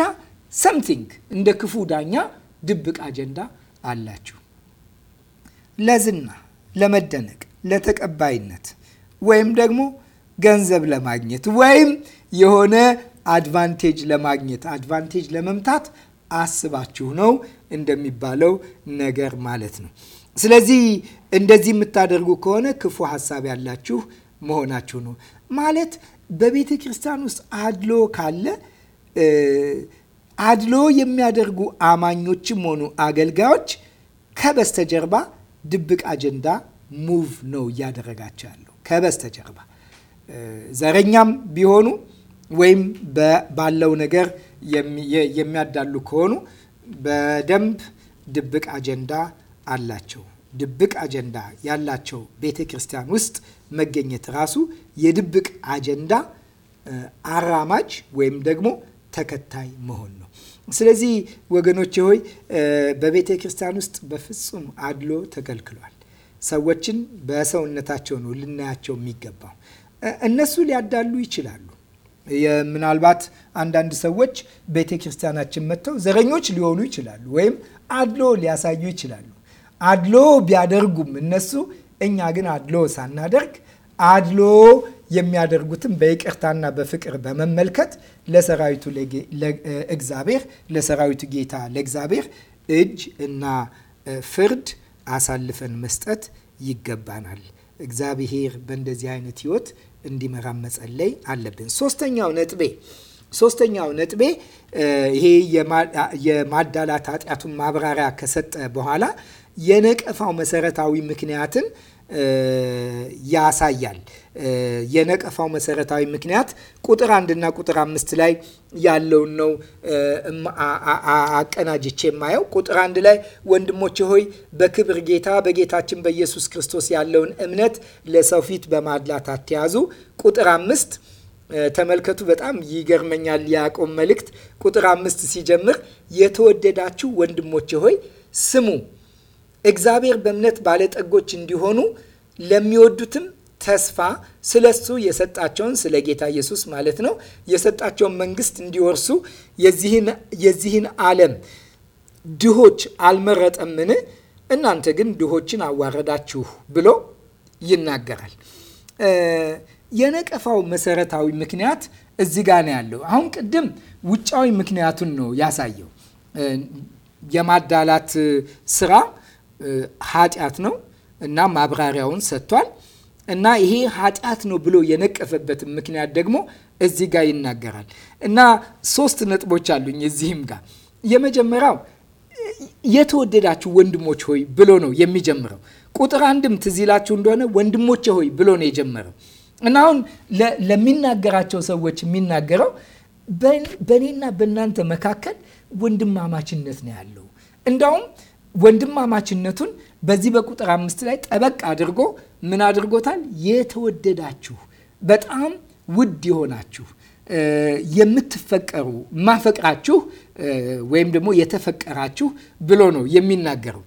A: ሰምቲንግ እንደ ክፉ ዳኛ ድብቅ አጀንዳ አላችሁ። ለዝና፣ ለመደነቅ፣ ለተቀባይነት ወይም ደግሞ ገንዘብ ለማግኘት ወይም የሆነ አድቫንቴጅ ለማግኘት አድቫንቴጅ ለመምታት አስባችሁ ነው እንደሚባለው ነገር ማለት ነው። ስለዚህ እንደዚህ የምታደርጉ ከሆነ ክፉ ሀሳብ ያላችሁ መሆናችሁ ነው ማለት በቤተ ክርስቲያን ውስጥ አድሎ ካለ አድሎ የሚያደርጉ አማኞችም ሆኑ አገልጋዮች ከበስተጀርባ ድብቅ አጀንዳ ሙቭ ነው እያደረጋቸው ያለው። ከበስተጀርባ ዘረኛም ቢሆኑ ወይም ባለው ነገር የሚያዳሉ ከሆኑ በደንብ ድብቅ አጀንዳ አላቸው። ድብቅ አጀንዳ ያላቸው ቤተ ክርስቲያን ውስጥ መገኘት ራሱ የድብቅ አጀንዳ አራማጅ ወይም ደግሞ ተከታይ መሆን ነው። ስለዚህ ወገኖቼ ሆይ በቤተ ክርስቲያን ውስጥ በፍጹም አድሎ ተከልክሏል። ሰዎችን በሰውነታቸው ነው ልናያቸው የሚገባው። እነሱ ሊያዳሉ ይችላሉ። ምናልባት አንዳንድ ሰዎች ቤተ ክርስቲያናችን መጥተው ዘረኞች ሊሆኑ ይችላሉ፣ ወይም አድሎ ሊያሳዩ ይችላሉ። አድሎ ቢያደርጉም እነሱ እኛ ግን አድሎ ሳናደርግ አድሎ የሚያደርጉትን በይቅርታና በፍቅር በመመልከት ለሰራዊቱ እግዚአብሔር ለሰራዊቱ ጌታ ለእግዚአብሔር እጅ እና ፍርድ አሳልፈን መስጠት ይገባናል። እግዚአብሔር በእንደዚህ አይነት ህይወት እንዲመራ መጸለይ አለብን። ሶስተኛው ነጥቤ ሶስተኛው ነጥቤ ይሄ የማዳላት ኃጢአቱን ማብራሪያ ከሰጠ በኋላ የነቀፋው መሰረታዊ ምክንያትን ያሳያል። የነቀፋው መሰረታዊ ምክንያት ቁጥር አንድና ቁጥር አምስት ላይ ያለውን ነው አቀናጅቼ የማየው። ቁጥር አንድ ላይ ወንድሞች ሆይ በክብር ጌታ በጌታችን በኢየሱስ ክርስቶስ ያለውን እምነት ለሰው ፊት በማድላት አትያዙ። ቁጥር አምስት ተመልከቱ። በጣም ይገርመኛል። ያዕቆብ መልእክት ቁጥር አምስት ሲጀምር የተወደዳችሁ ወንድሞች ሆይ ስሙ እግዚአብሔር በእምነት ባለጠጎች እንዲሆኑ ለሚወዱትም ተስፋ ስለ እሱ የሰጣቸውን ስለ ጌታ ኢየሱስ ማለት ነው የሰጣቸውን መንግስት እንዲወርሱ የዚህን ዓለም ድሆች አልመረጠምን? እናንተ ግን ድሆችን አዋረዳችሁ ብሎ ይናገራል። የነቀፋው መሰረታዊ ምክንያት እዚህ ጋ ነው ያለው። አሁን ቅድም ውጫዊ ምክንያቱን ነው ያሳየው የማዳላት ስራ ኃጢአት ነው እና ማብራሪያውን ሰጥቷል። እና ይሄ ኃጢአት ነው ብሎ የነቀፈበትን ምክንያት ደግሞ እዚህ ጋር ይናገራል። እና ሶስት ነጥቦች አሉኝ እዚህም ጋር የመጀመሪያው የተወደዳችሁ ወንድሞች ሆይ ብሎ ነው የሚጀምረው። ቁጥር አንድም ትዝ ይላችሁ እንደሆነ ወንድሞቼ ሆይ ብሎ ነው የጀመረው እና አሁን ለሚናገራቸው ሰዎች የሚናገረው በእኔና በእናንተ መካከል ወንድማማችነት ነው ያለው። እንዳውም ወንድማማችነቱን በዚህ በቁጥር አምስት ላይ ጠበቅ አድርጎ ምን አድርጎታል? የተወደዳችሁ በጣም ውድ የሆናችሁ የምትፈቀሩ ማፈቅራችሁ ወይም ደግሞ የተፈቀራችሁ ብሎ ነው የሚናገረው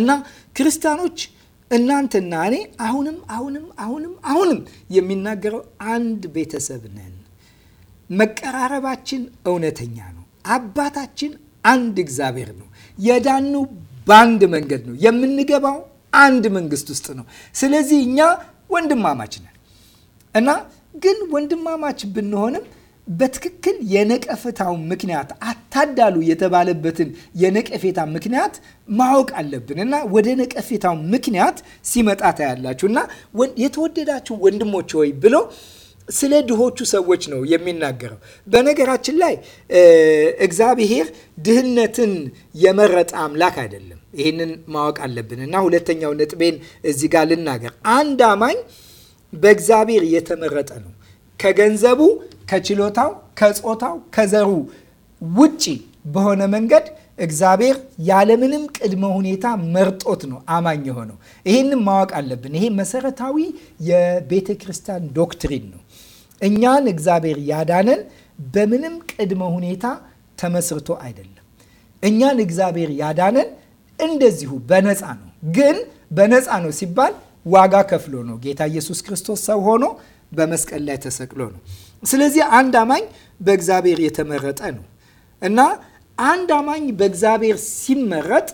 A: እና ክርስቲያኖች እናንተና እኔ አሁንም አሁንም አሁንም አሁንም የሚናገረው አንድ ቤተሰብ ነን። መቀራረባችን እውነተኛ ነው። አባታችን አንድ እግዚአብሔር ነው። የዳኑ በአንድ መንገድ ነው። የምንገባው አንድ መንግስት ውስጥ ነው። ስለዚህ እኛ ወንድማማች ነን እና ግን ወንድማማች ብንሆንም በትክክል የነቀፈታው ምክንያት አታዳሉ የተባለበትን የነቀፌታ ምክንያት ማወቅ አለብን እና ወደ ነቀፌታው ምክንያት ሲመጣ ታያላችሁ እና የተወደዳችሁ ወንድሞች ሆይ ብሎ ስለ ድሆቹ ሰዎች ነው የሚናገረው። በነገራችን ላይ እግዚአብሔር ድህነትን የመረጠ አምላክ አይደለም። ይህንን ማወቅ አለብን እና ሁለተኛው ነጥቤን እዚህ ጋር ልናገር። አንድ አማኝ በእግዚአብሔር የተመረጠ ነው። ከገንዘቡ፣ ከችሎታው፣ ከጾታው፣ ከዘሩ ውጪ በሆነ መንገድ እግዚአብሔር ያለምንም ቅድመ ሁኔታ መርጦት ነው አማኝ የሆነው። ይህንም ማወቅ አለብን። ይሄ መሰረታዊ የቤተ ክርስቲያን ዶክትሪን ነው። እኛን እግዚአብሔር ያዳነን በምንም ቅድመ ሁኔታ ተመስርቶ አይደለም። እኛን እግዚአብሔር ያዳነን እንደዚሁ በነፃ ነው። ግን በነፃ ነው ሲባል ዋጋ ከፍሎ ነው። ጌታ ኢየሱስ ክርስቶስ ሰው ሆኖ በመስቀል ላይ ተሰቅሎ ነው። ስለዚህ አንድ አማኝ በእግዚአብሔር የተመረጠ ነው እና አንድ አማኝ በእግዚአብሔር ሲመረጥ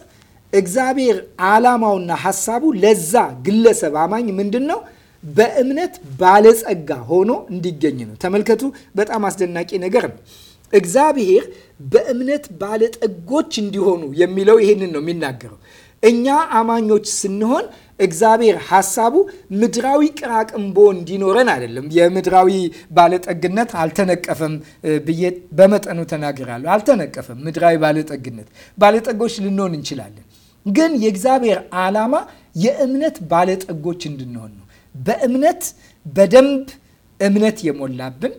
A: እግዚአብሔር ዓላማውና ሐሳቡ ለዛ ግለሰብ አማኝ ምንድን ነው? በእምነት ባለጸጋ ሆኖ እንዲገኝ ነው። ተመልከቱ፣ በጣም አስደናቂ ነገር ነው። እግዚአብሔር በእምነት ባለጠጎች እንዲሆኑ የሚለው ይህንን ነው የሚናገረው። እኛ አማኞች ስንሆን እግዚአብሔር ሀሳቡ ምድራዊ ቅራቅንቦ እንዲኖረን አይደለም። የምድራዊ ባለጠግነት አልተነቀፈም ብዬ በመጠኑ ተናግራለሁ። አልተነቀፈም። ምድራዊ ባለጠግነት ባለጠጎች ልንሆን እንችላለን፣ ግን የእግዚአብሔር ዓላማ የእምነት ባለጠጎች እንድንሆን ነው። በእምነት በደንብ እምነት የሞላብን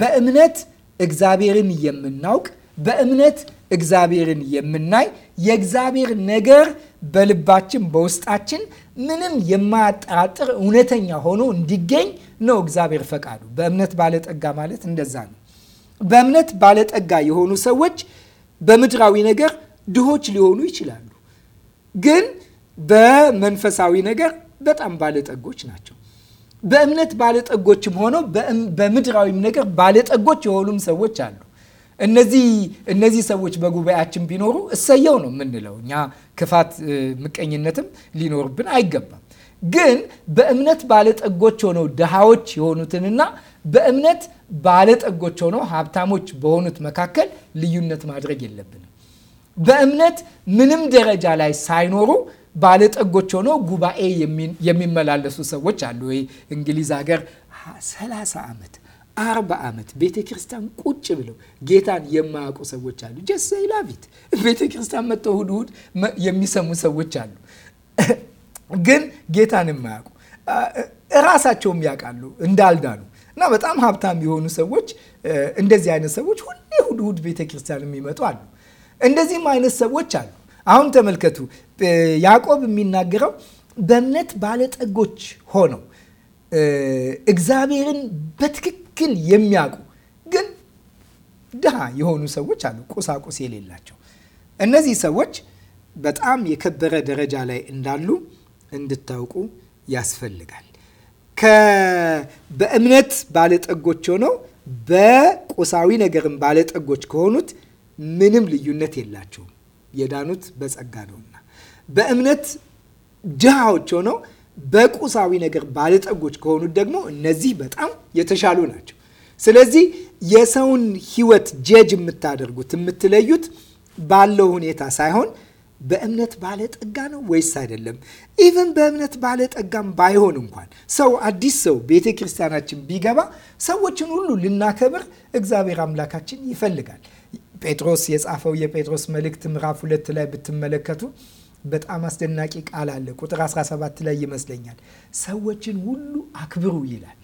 A: በእምነት እግዚአብሔርን የምናውቅ በእምነት እግዚአብሔርን የምናይ የእግዚአብሔር ነገር በልባችን በውስጣችን ምንም የማያጠራጥር እውነተኛ ሆኖ እንዲገኝ ነው እግዚአብሔር ፈቃዱ። በእምነት ባለጠጋ ማለት እንደዛ ነው። በእምነት ባለጠጋ የሆኑ ሰዎች በምድራዊ ነገር ድሆች ሊሆኑ ይችላሉ፣ ግን በመንፈሳዊ ነገር በጣም ባለጠጎች ናቸው። በእምነት ባለጠጎችም ሆነው በምድራዊም ነገር ባለጠጎች የሆኑም ሰዎች አሉ። እነዚህ እነዚህ ሰዎች በጉባኤያችን ቢኖሩ እሰየው ነው የምንለው እኛ። ክፋት ምቀኝነትም ሊኖርብን አይገባም። ግን በእምነት ባለጠጎች ሆነው ድሃዎች የሆኑትንና በእምነት ባለጠጎች ሆነው ሀብታሞች በሆኑት መካከል ልዩነት ማድረግ የለብንም። በእምነት ምንም ደረጃ ላይ ሳይኖሩ ባለጠጎች ሆነው ጉባኤ የሚመላለሱ ሰዎች አሉ። ወይ እንግሊዝ ሀገር 30 ዓመት አርባ ዓመት ቤተ ክርስቲያን ቁጭ ብለው ጌታን የማያውቁ ሰዎች አሉ። ጀስ ላቪት ቤተ ክርስቲያን መጥተው እሑድ የሚሰሙ ሰዎች አሉ፣ ግን ጌታን የማያውቁ እራሳቸውም ያውቃሉ እንዳልዳሉ እና በጣም ሀብታም የሆኑ ሰዎች እንደዚህ አይነት ሰዎች ሁሌ እሑድ ቤተ ክርስቲያን የሚመጡ አሉ። እንደዚህም አይነት ሰዎች አሉ አሁን ተመልከቱ ያዕቆብ የሚናገረው በእምነት ባለጠጎች ሆነው እግዚአብሔርን በትክክል የሚያውቁ ግን ድሃ የሆኑ ሰዎች አሉ፣ ቁሳቁስ የሌላቸው። እነዚህ ሰዎች በጣም የከበረ ደረጃ ላይ እንዳሉ እንድታውቁ ያስፈልጋል። በእምነት ባለጠጎች ሆነው በቁሳዊ ነገርም ባለጠጎች ከሆኑት ምንም ልዩነት የላቸውም። የዳኑት በጸጋ ነውና በእምነት ድሃዎች ሆነው በቁሳዊ ነገር ባለጠጎች ከሆኑት ደግሞ እነዚህ በጣም የተሻሉ ናቸው። ስለዚህ የሰውን ሕይወት ጀጅ የምታደርጉት የምትለዩት ባለው ሁኔታ ሳይሆን በእምነት ባለጠጋ ነው ወይስ አይደለም። ኢቨን በእምነት ባለጠጋም ባይሆን እንኳን ሰው አዲስ ሰው ቤተ ክርስቲያናችን ቢገባ ሰዎችን ሁሉ ልናከብር እግዚአብሔር አምላካችን ይፈልጋል። ጴጥሮስ የጻፈው የጴጥሮስ መልእክት ምዕራፍ ሁለት ላይ ብትመለከቱ በጣም አስደናቂ ቃል አለ። ቁጥር 17 ላይ ይመስለኛል ሰዎችን ሁሉ አክብሩ ይላል።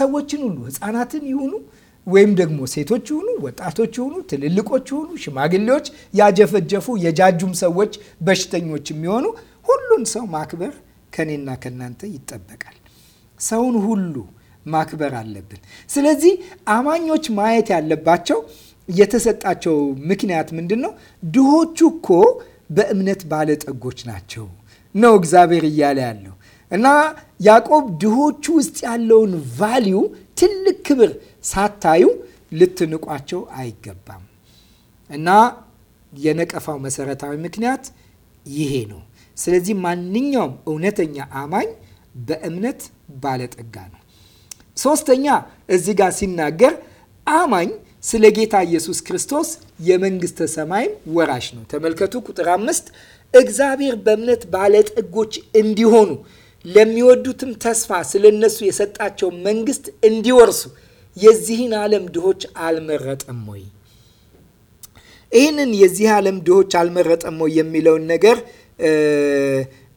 A: ሰዎችን ሁሉ ህፃናትን ይሁኑ ወይም ደግሞ ሴቶች ይሁኑ፣ ወጣቶች ይሁኑ፣ ትልልቆች ይሁኑ፣ ሽማግሌዎች፣ ያጀፈጀፉ የጃጁም ሰዎች፣ በሽተኞች የሚሆኑ ሁሉን ሰው ማክበር ከኔና ከናንተ ይጠበቃል። ሰውን ሁሉ ማክበር አለብን። ስለዚህ አማኞች ማየት ያለባቸው የተሰጣቸው ምክንያት ምንድን ነው? ድሆቹ እኮ በእምነት ባለጠጎች ናቸው ነው እግዚአብሔር እያለ ያለው እና ያዕቆብ ድሆቹ ውስጥ ያለውን ቫሊዩ ትልቅ ክብር ሳታዩ ልትንቋቸው አይገባም። እና የነቀፋው መሰረታዊ ምክንያት ይሄ ነው። ስለዚህ ማንኛውም እውነተኛ አማኝ በእምነት ባለጠጋ ነው። ሶስተኛ እዚህ ጋር ሲናገር አማኝ ስለ ጌታ ኢየሱስ ክርስቶስ የመንግስተ ሰማይም ወራሽ ነው። ተመልከቱ ቁጥር አምስት እግዚአብሔር በእምነት ባለጠጎች እንዲሆኑ ለሚወዱትም ተስፋ ስለ እነሱ የሰጣቸው መንግስት እንዲወርሱ የዚህን ዓለም ድሆች አልመረጠም ወይ? ይህንን የዚህ ዓለም ድሆች አልመረጠም ወይ የሚለውን ነገር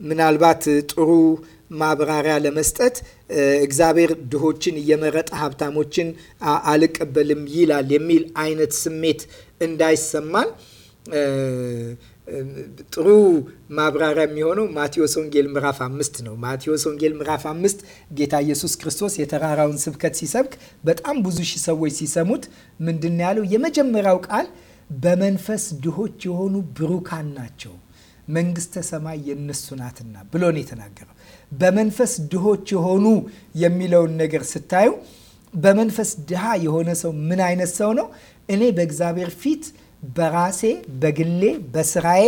A: ምናልባት ጥሩ ማብራሪያ ለመስጠት እግዚአብሔር ድሆችን እየመረጠ ሀብታሞችን አልቀበልም ይላል የሚል አይነት ስሜት እንዳይሰማን ጥሩ ማብራሪያ የሚሆነው ማቴዎስ ወንጌል ምዕራፍ አምስት ነው። ማቴዎስ ወንጌል ምዕራፍ አምስት ጌታ ኢየሱስ ክርስቶስ የተራራውን ስብከት ሲሰብክ በጣም ብዙ ሺህ ሰዎች ሲሰሙት ምንድን ያለው የመጀመሪያው ቃል በመንፈስ ድሆች የሆኑ ብሩካን ናቸው፣ መንግስተ ሰማይ የነሱ ናትና ብሎ ነው የተናገረው። በመንፈስ ድሆች የሆኑ የሚለውን ነገር ስታዩ በመንፈስ ድሃ የሆነ ሰው ምን አይነት ሰው ነው? እኔ በእግዚአብሔር ፊት በራሴ በግሌ በስራዬ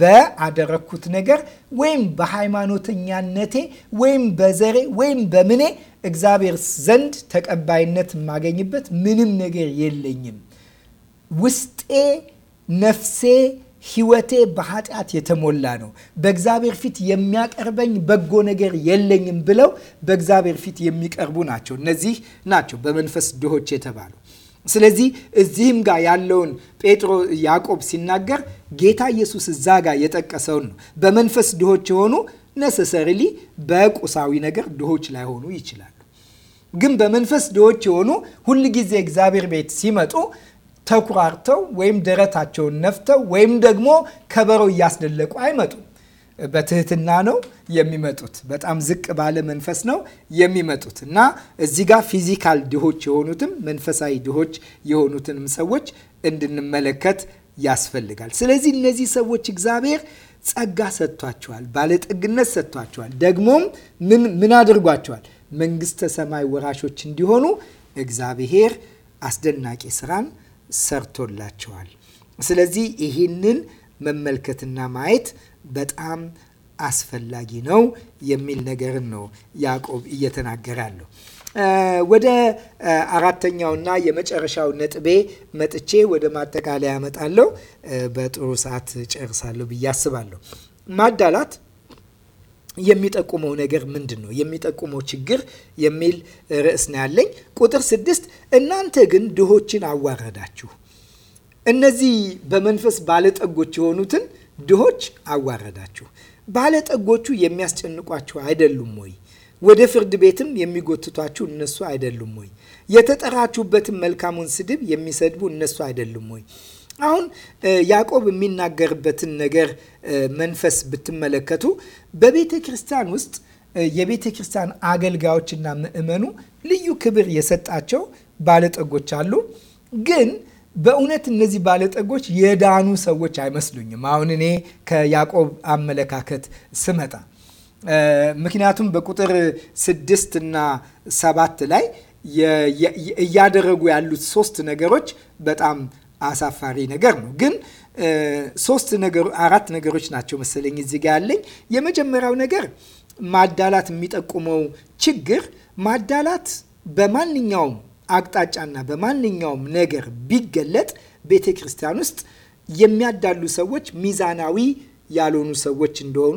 A: በአደረግኩት ነገር ወይም በሃይማኖተኛነቴ ወይም በዘሬ ወይም በምኔ እግዚአብሔር ዘንድ ተቀባይነት የማገኝበት ምንም ነገር የለኝም። ውስጤ ነፍሴ ህይወቴ በኃጢአት የተሞላ ነው፣ በእግዚአብሔር ፊት የሚያቀርበኝ በጎ ነገር የለኝም ብለው በእግዚአብሔር ፊት የሚቀርቡ ናቸው። እነዚህ ናቸው በመንፈስ ድሆች የተባሉ። ስለዚህ እዚህም ጋር ያለውን ጴጥሮ ያዕቆብ ሲናገር ጌታ ኢየሱስ እዛ ጋር የጠቀሰውን ነው። በመንፈስ ድሆች የሆኑ ነሰሰሪሊ በቁሳዊ ነገር ድሆች ላይሆኑ ይችላሉ። ግን በመንፈስ ድሆች የሆኑ ሁልጊዜ እግዚአብሔር ቤት ሲመጡ ተኩራርተው ወይም ደረታቸውን ነፍተው ወይም ደግሞ ከበሮ እያስደለቁ አይመጡም። በትህትና ነው የሚመጡት። በጣም ዝቅ ባለ መንፈስ ነው የሚመጡት እና እዚህ ጋር ፊዚካል ድሆች የሆኑትም መንፈሳዊ ድሆች የሆኑትንም ሰዎች እንድንመለከት ያስፈልጋል። ስለዚህ እነዚህ ሰዎች እግዚአብሔር ጸጋ ሰጥቷቸዋል፣ ባለጠግነት ሰጥቷቸዋል። ደግሞም ምን ምን አድርጓቸዋል? መንግስተ ሰማይ ወራሾች እንዲሆኑ እግዚአብሔር አስደናቂ ስራን ሰርቶላቸዋል። ስለዚህ ይህንን መመልከትና ማየት በጣም አስፈላጊ ነው የሚል ነገርን ነው ያዕቆብ እየተናገረ ያለው። ወደ አራተኛውና የመጨረሻው ነጥቤ መጥቼ ወደ ማጠቃለያ ያመጣለሁ። በጥሩ ሰዓት ጨርሳለሁ ብዬ አስባለሁ። ማዳላት የሚጠቁመው ነገር ምንድን ነው? የሚጠቁመው ችግር የሚል ርዕስ ነው ያለኝ። ቁጥር ስድስት እናንተ ግን ድሆችን አዋረዳችሁ። እነዚህ በመንፈስ ባለጠጎች የሆኑትን ድሆች አዋረዳችሁ። ባለጠጎቹ የሚያስጨንቋችሁ አይደሉም ወይ? ወደ ፍርድ ቤትም የሚጎትቷችሁ እነሱ አይደሉም ወይ? የተጠራችሁበትን መልካሙን ስድብ የሚሰድቡ እነሱ አይደሉም ወይ? አሁን ያዕቆብ የሚናገርበትን ነገር መንፈስ ብትመለከቱ በቤተ ክርስቲያን ውስጥ የቤተ ክርስቲያን አገልጋዮችና ምዕመኑ ልዩ ክብር የሰጣቸው ባለጠጎች አሉ። ግን በእውነት እነዚህ ባለጠጎች የዳኑ ሰዎች አይመስሉኝም። አሁን እኔ ከያዕቆብ አመለካከት ስመጣ ምክንያቱም በቁጥር ስድስት እና ሰባት ላይ እያደረጉ ያሉት ሶስት ነገሮች በጣም አሳፋሪ ነገር ነው። ግን ሶስት አራት ነገሮች ናቸው መሰለኝ እዚህ ጋ ያለኝ። የመጀመሪያው ነገር ማዳላት የሚጠቁመው ችግር ማዳላት በማንኛውም አቅጣጫና በማንኛውም ነገር ቢገለጥ ቤተ ክርስቲያን ውስጥ የሚያዳሉ ሰዎች ሚዛናዊ ያልሆኑ ሰዎች እንደሆኑ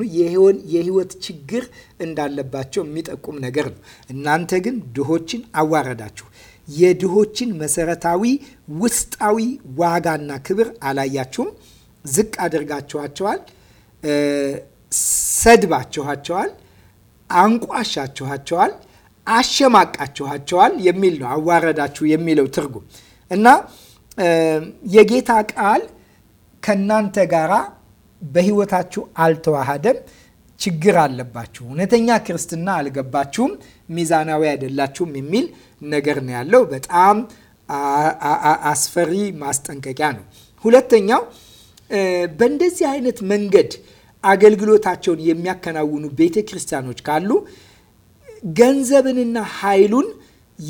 A: የህይወት ችግር እንዳለባቸው የሚጠቁም ነገር ነው። እናንተ ግን ድሆችን አዋረዳችሁ የድሆችን መሰረታዊ ውስጣዊ ዋጋና ክብር አላያችሁም። ዝቅ አድርጋችኋቸዋል፣ ሰድባችኋቸዋል፣ አንቋሻችኋቸዋል፣ አሸማቃችኋቸዋል የሚል ነው አዋረዳችሁ የሚለው ትርጉም እና የጌታ ቃል ከእናንተ ጋራ በህይወታችሁ አልተዋሃደም። ችግር አለባችሁ፣ እውነተኛ ክርስትና አልገባችሁም፣ ሚዛናዊ አይደላችሁም የሚል ነገር ነው ያለው። በጣም አስፈሪ ማስጠንቀቂያ ነው። ሁለተኛው በእንደዚህ አይነት መንገድ አገልግሎታቸውን የሚያከናውኑ ቤተ ክርስቲያኖች ካሉ ገንዘብንና ኃይሉን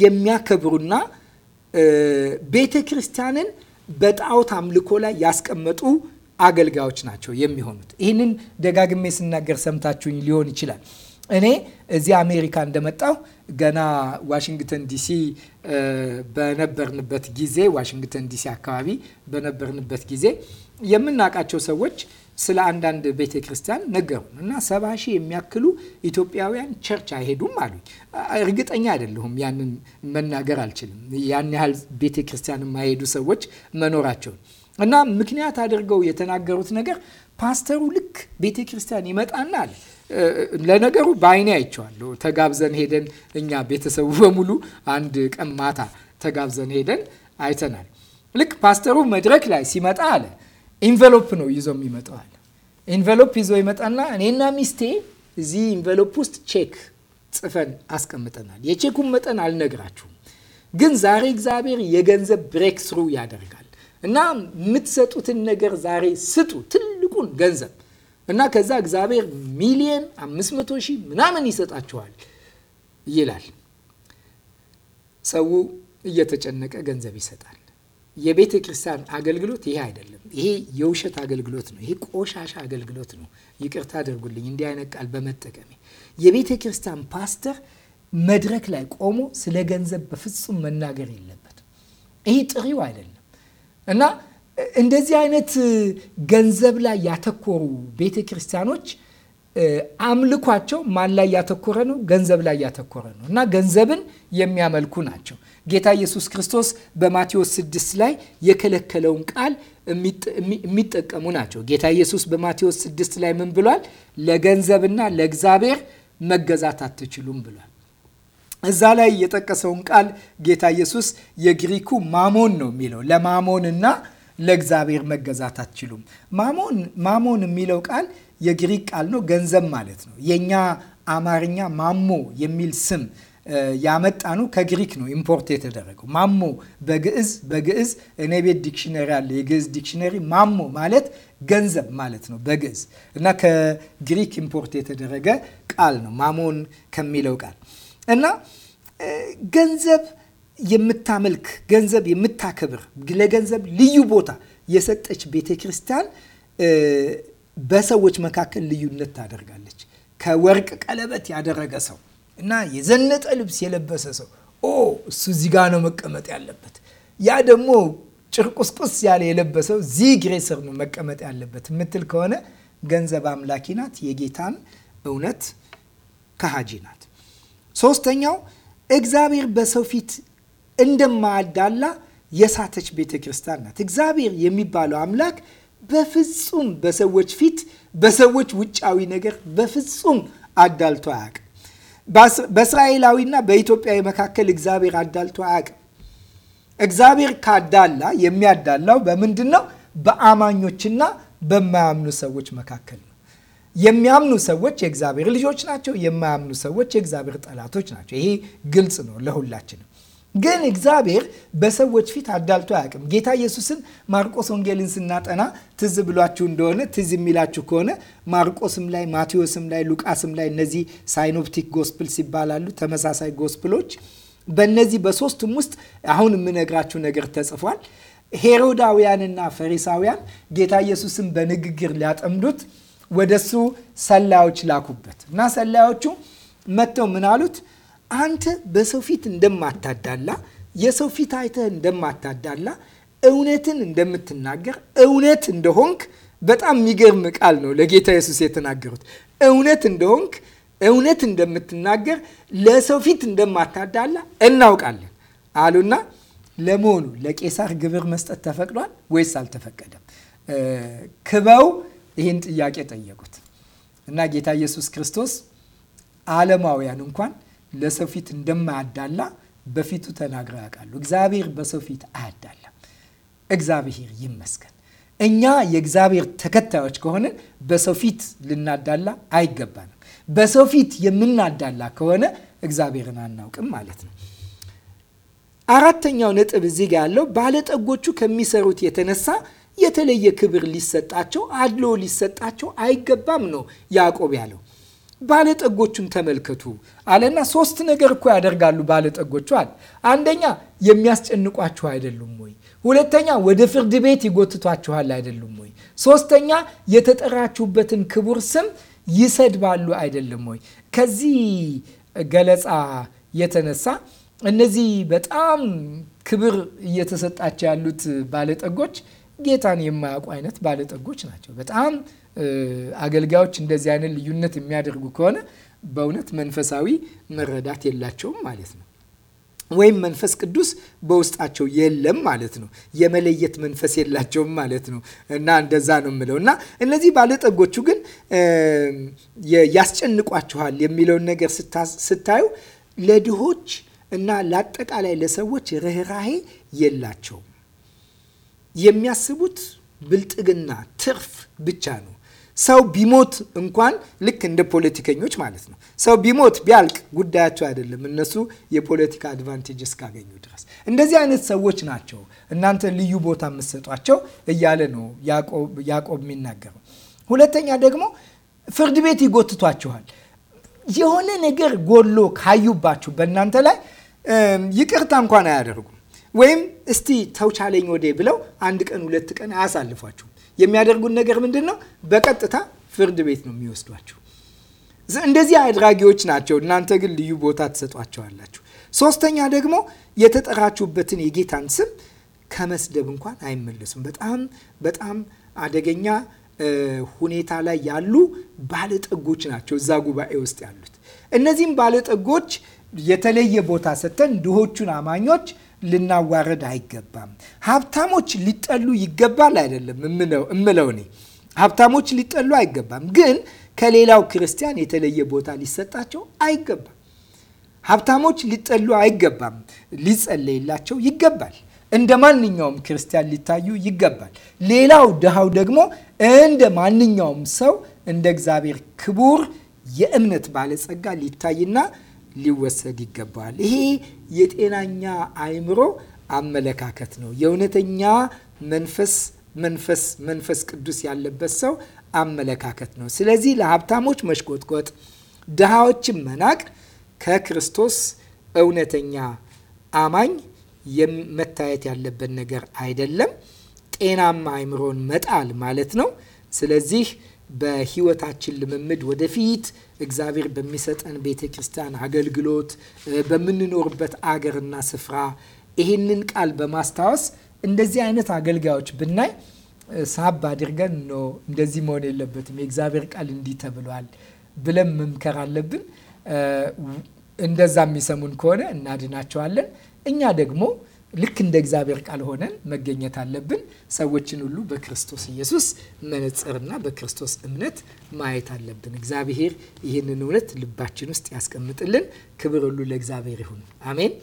A: የሚያከብሩና ቤተ ክርስቲያንን በጣዖት አምልኮ ላይ ያስቀመጡ አገልጋዮች ናቸው የሚሆኑት። ይህንን ደጋግሜ ስናገር ሰምታችሁኝ ሊሆን ይችላል። እኔ እዚህ አሜሪካ እንደመጣሁ ገና ዋሽንግተን ዲሲ በነበርንበት ጊዜ ዋሽንግተን ዲሲ አካባቢ በነበርንበት ጊዜ የምናውቃቸው ሰዎች ስለ አንዳንድ ቤተ ክርስቲያን ነገሩ እና ሰባ ሺህ የሚያክሉ ኢትዮጵያውያን ቸርች አይሄዱም አሉኝ። እርግጠኛ አይደለሁም፣ ያንን መናገር አልችልም፣ ያን ያህል ቤተ ክርስቲያን የማይሄዱ ሰዎች መኖራቸውን እና ምክንያት አድርገው የተናገሩት ነገር ፓስተሩ ልክ ቤተ ክርስቲያን ይመጣናል። ለነገሩ በአይኔ አይቼዋለሁ። ተጋብዘን ሄደን እኛ ቤተሰቡ በሙሉ አንድ ቀን ማታ ተጋብዘን ሄደን አይተናል። ልክ ፓስተሩ መድረክ ላይ ሲመጣ አለ ኢንቨሎፕ ነው ይዞ የሚመጣው አለ። ኢንቨሎፕ ይዞ ይመጣና እኔና ሚስቴ እዚህ ኢንቨሎፕ ውስጥ ቼክ ጽፈን አስቀምጠናል። የቼኩን መጠን አልነግራችሁም፣ ግን ዛሬ እግዚአብሔር የገንዘብ ብሬክ ስሩ ያደርጋል እና የምትሰጡትን ነገር ዛሬ ስጡ፣ ትልቁን ገንዘብ እና ከዛ እግዚአብሔር ሚሊየን አምስት መቶ ሺህ ምናምን ይሰጣችኋል ይላል። ሰው እየተጨነቀ ገንዘብ ይሰጣል። የቤተ ክርስቲያን አገልግሎት ይሄ አይደለም። ይሄ የውሸት አገልግሎት ነው። ይሄ ቆሻሻ አገልግሎት ነው። ይቅርታ አድርጉልኝ እንዲህ አይነት ቃል በመጠቀሜ። የቤተ ክርስቲያን ፓስተር መድረክ ላይ ቆሞ ስለ ገንዘብ በፍጹም መናገር የለበት። ይሄ ጥሪው አይደለም። እና እንደዚህ አይነት ገንዘብ ላይ ያተኮሩ ቤተ ክርስቲያኖች አምልኳቸው ማን ላይ ያተኮረ ነው? ገንዘብ ላይ ያተኮረ ነው እና ገንዘብን የሚያመልኩ ናቸው። ጌታ ኢየሱስ ክርስቶስ በማቴዎስ 6 ላይ የከለከለውን ቃል የሚጠቀሙ ናቸው። ጌታ ኢየሱስ በማቴዎስ 6 ላይ ምን ብሏል? ለገንዘብና ለእግዚአብሔር መገዛት አትችሉም ብሏል። እዛ ላይ የጠቀሰውን ቃል ጌታ ኢየሱስ የግሪኩ ማሞን ነው የሚለው። ለማሞንና ለእግዚአብሔር መገዛት አትችሉም። ማሞን ማሞን የሚለው ቃል የግሪክ ቃል ነው፣ ገንዘብ ማለት ነው። የእኛ አማርኛ ማሞ የሚል ስም ነው ከግሪክ ነው ኢምፖርት የተደረገው ማሞ በግዕዝ በግዕዝ እኔ ቤት ዲክሽነሪ አለ የግዕዝ ዲክሽነሪ ማሞ ማለት ገንዘብ ማለት ነው በግዕዝ እና ከግሪክ ኢምፖርት የተደረገ ቃል ነው ማሞን ከሚለው ቃል እና ገንዘብ የምታመልክ ገንዘብ የምታከብር ለገንዘብ ልዩ ቦታ የሰጠች ቤተ ክርስቲያን በሰዎች መካከል ልዩነት ታደርጋለች። ከወርቅ ቀለበት ያደረገ ሰው እና የዘነጠ ልብስ የለበሰ ሰው ኦ እሱ እዚህ ጋ ነው መቀመጥ ያለበት። ያ ደግሞ ጭርቁስቁስ ያለ የለበሰው እዚህ እግሬ ስር ነው መቀመጥ ያለበት የምትል ከሆነ ገንዘብ አምላኪ ናት፣ የጌታን እውነት ከሃጂ ናት። ሶስተኛው እግዚአብሔር በሰው ፊት እንደማያዳላ የሳተች ቤተ ክርስቲያን ናት። እግዚአብሔር የሚባለው አምላክ በፍጹም በሰዎች ፊት በሰዎች ውጫዊ ነገር በፍጹም አዳልቶ አያውቅም። በእስራኤላዊና በኢትዮጵያዊ መካከል እግዚአብሔር አዳልቶ አያውቅም። እግዚአብሔር ካዳላ የሚያዳላው በምንድን ነው? በአማኞችና በማያምኑ ሰዎች መካከል ነው። የሚያምኑ ሰዎች የእግዚአብሔር ልጆች ናቸው። የማያምኑ ሰዎች የእግዚአብሔር ጠላቶች ናቸው። ይሄ ግልጽ ነው ለሁላችንም። ግን እግዚአብሔር በሰዎች ፊት አዳልቶ አያውቅም። ጌታ ኢየሱስን ማርቆስ ወንጌልን ስናጠና ትዝ ብሏችሁ እንደሆነ ትዝ የሚላችሁ ከሆነ ማርቆስም ላይ ማቴዎስም ላይ ሉቃስም ላይ እነዚህ ሳይኖፕቲክ ጎስፕልስ ይባላሉ፣ ተመሳሳይ ጎስፕሎች። በእነዚህ በሶስቱም ውስጥ አሁን የምነግራችሁ ነገር ተጽፏል። ሄሮዳውያንና ፈሪሳውያን ጌታ ኢየሱስን በንግግር ሊያጠምዱት ወደሱ ሰላዮች ላኩበት እና ሰላዮቹ መጥተው ምን አሉት? አንተ በሰው ፊት እንደማታዳላ የሰው ፊት አይተህ እንደማታዳላ እውነትን እንደምትናገር እውነት እንደሆንክ በጣም የሚገርም ቃል ነው ለጌታ ኢየሱስ የተናገሩት። እውነት እንደሆንክ እውነት እንደምትናገር ለሰው ፊት እንደማታዳላ እናውቃለን አሉና ለመሆኑ ለቄሳር ግብር መስጠት ተፈቅዷል ወይስ አልተፈቀደም? ክበው ይህን ጥያቄ ጠየቁት እና ጌታ ኢየሱስ ክርስቶስ ዓለማውያን እንኳን ለሰው ፊት እንደማያዳላ በፊቱ ተናግረው ያውቃሉ። እግዚአብሔር በሰው ፊት አያዳላም። እግዚአብሔር ይመስገን። እኛ የእግዚአብሔር ተከታዮች ከሆንን በሰው ፊት ልናዳላ አይገባንም። በሰው ፊት የምናዳላ ከሆነ እግዚአብሔርን አናውቅም ማለት ነው። አራተኛው ነጥብ እዚህ ጋር ያለው ባለጠጎቹ ከሚሰሩት የተነሳ የተለየ ክብር ሊሰጣቸው፣ አድሎ ሊሰጣቸው አይገባም ነው ያዕቆብ ያለው። ባለጠጎቹን ተመልከቱ አለና ሶስት ነገር እኮ ያደርጋሉ ባለጠጎቹ አለ። አንደኛ የሚያስጨንቋችሁ አይደሉም ወይ? ሁለተኛ ወደ ፍርድ ቤት ይጎትቷችኋል አይደሉም ወይ? ሶስተኛ የተጠራችሁበትን ክቡር ስም ይሰድባሉ አይደለም ወይ? ከዚህ ገለጻ የተነሳ እነዚህ በጣም ክብር እየተሰጣቸው ያሉት ባለጠጎች ጌታን የማያውቁ አይነት ባለጠጎች ናቸው። በጣም አገልጋዮች እንደዚህ አይነት ልዩነት የሚያደርጉ ከሆነ በእውነት መንፈሳዊ መረዳት የላቸውም ማለት ነው። ወይም መንፈስ ቅዱስ በውስጣቸው የለም ማለት ነው። የመለየት መንፈስ የላቸውም ማለት ነው። እና እንደዛ ነው የምለው እና እነዚህ ባለጠጎቹ ግን ያስጨንቋችኋል የሚለውን ነገር ስታዩ ለድሆች እና ለአጠቃላይ ለሰዎች ርኅራሄ የላቸውም። የሚያስቡት ብልጥግና ትርፍ ብቻ ነው። ሰው ቢሞት እንኳን ልክ እንደ ፖለቲከኞች ማለት ነው። ሰው ቢሞት ቢያልቅ ጉዳያቸው አይደለም፣ እነሱ የፖለቲካ አድቫንቴጅ እስካገኙ ድረስ። እንደዚህ አይነት ሰዎች ናቸው እናንተ ልዩ ቦታ የምትሰጧቸው እያለ ነው ያዕቆብ የሚናገረው። ሁለተኛ ደግሞ ፍርድ ቤት ይጎትቷችኋል። የሆነ ነገር ጎሎ ካዩባችሁ በእናንተ ላይ ይቅርታ እንኳን አያደርጉም። ወይም እስቲ ተውቻለኝ ወዴ ብለው አንድ ቀን ሁለት ቀን አያሳልፏችሁም። የሚያደርጉት ነገር ምንድን ነው? በቀጥታ ፍርድ ቤት ነው የሚወስዷችሁ። እንደዚህ አድራጊዎች ናቸው። እናንተ ግን ልዩ ቦታ ትሰጧቸዋላችሁ። ሶስተኛ ደግሞ የተጠራችሁበትን የጌታን ስም ከመስደብ እንኳን አይመለሱም። በጣም በጣም አደገኛ ሁኔታ ላይ ያሉ ባለጠጎች ናቸው እዛ ጉባኤ ውስጥ ያሉት። እነዚህም ባለጠጎች የተለየ ቦታ ሰጥተን ድሆቹን አማኞች ልናዋረድ አይገባም። ሀብታሞች ሊጠሉ ይገባል አይደለም እምለው እኔ ሀብታሞች ሊጠሉ አይገባም፣ ግን ከሌላው ክርስቲያን የተለየ ቦታ ሊሰጣቸው አይገባም። ሀብታሞች ሊጠሉ አይገባም፣ ሊጸለይላቸው ይገባል። እንደ ማንኛውም ክርስቲያን ሊታዩ ይገባል። ሌላው ድሃው ደግሞ እንደ ማንኛውም ሰው እንደ እግዚአብሔር ክቡር የእምነት ባለጸጋ ሊታይና ሊወሰድ ይገባል። ይሄ የጤናኛ አእምሮ አመለካከት ነው። የእውነተኛ መንፈስ መንፈስ መንፈስ ቅዱስ ያለበት ሰው አመለካከት ነው። ስለዚህ ለሀብታሞች መሽቆጥቆጥ፣ ድሃዎችን መናቅ ከክርስቶስ እውነተኛ አማኝ መታየት ያለበት ነገር አይደለም። ጤናማ አእምሮን መጣል ማለት ነው። ስለዚህ በህይወታችን ልምምድ ወደፊት እግዚአብሔር በሚሰጠን ቤተ ክርስቲያን አገልግሎት በምንኖርበት አገርና ስፍራ ይህንን ቃል በማስታወስ እንደዚህ አይነት አገልጋዮች ብናይ ሳብ አድርገን ኖ እንደዚህ መሆን የለበትም የእግዚአብሔር ቃል እንዲህ ተብሏል ብለን መምከር አለብን። እንደዛ የሚሰሙን ከሆነ እናድናቸዋለን። እኛ ደግሞ ልክ እንደ እግዚአብሔር ቃል ሆነን መገኘት አለብን። ሰዎችን ሁሉ በክርስቶስ ኢየሱስ መነጽርና በክርስቶስ እምነት ማየት አለብን። እግዚአብሔር ይህንን እውነት ልባችን ውስጥ ያስቀምጥልን። ክብር ሁሉ ለእግዚአብሔር ይሁን። አሜን።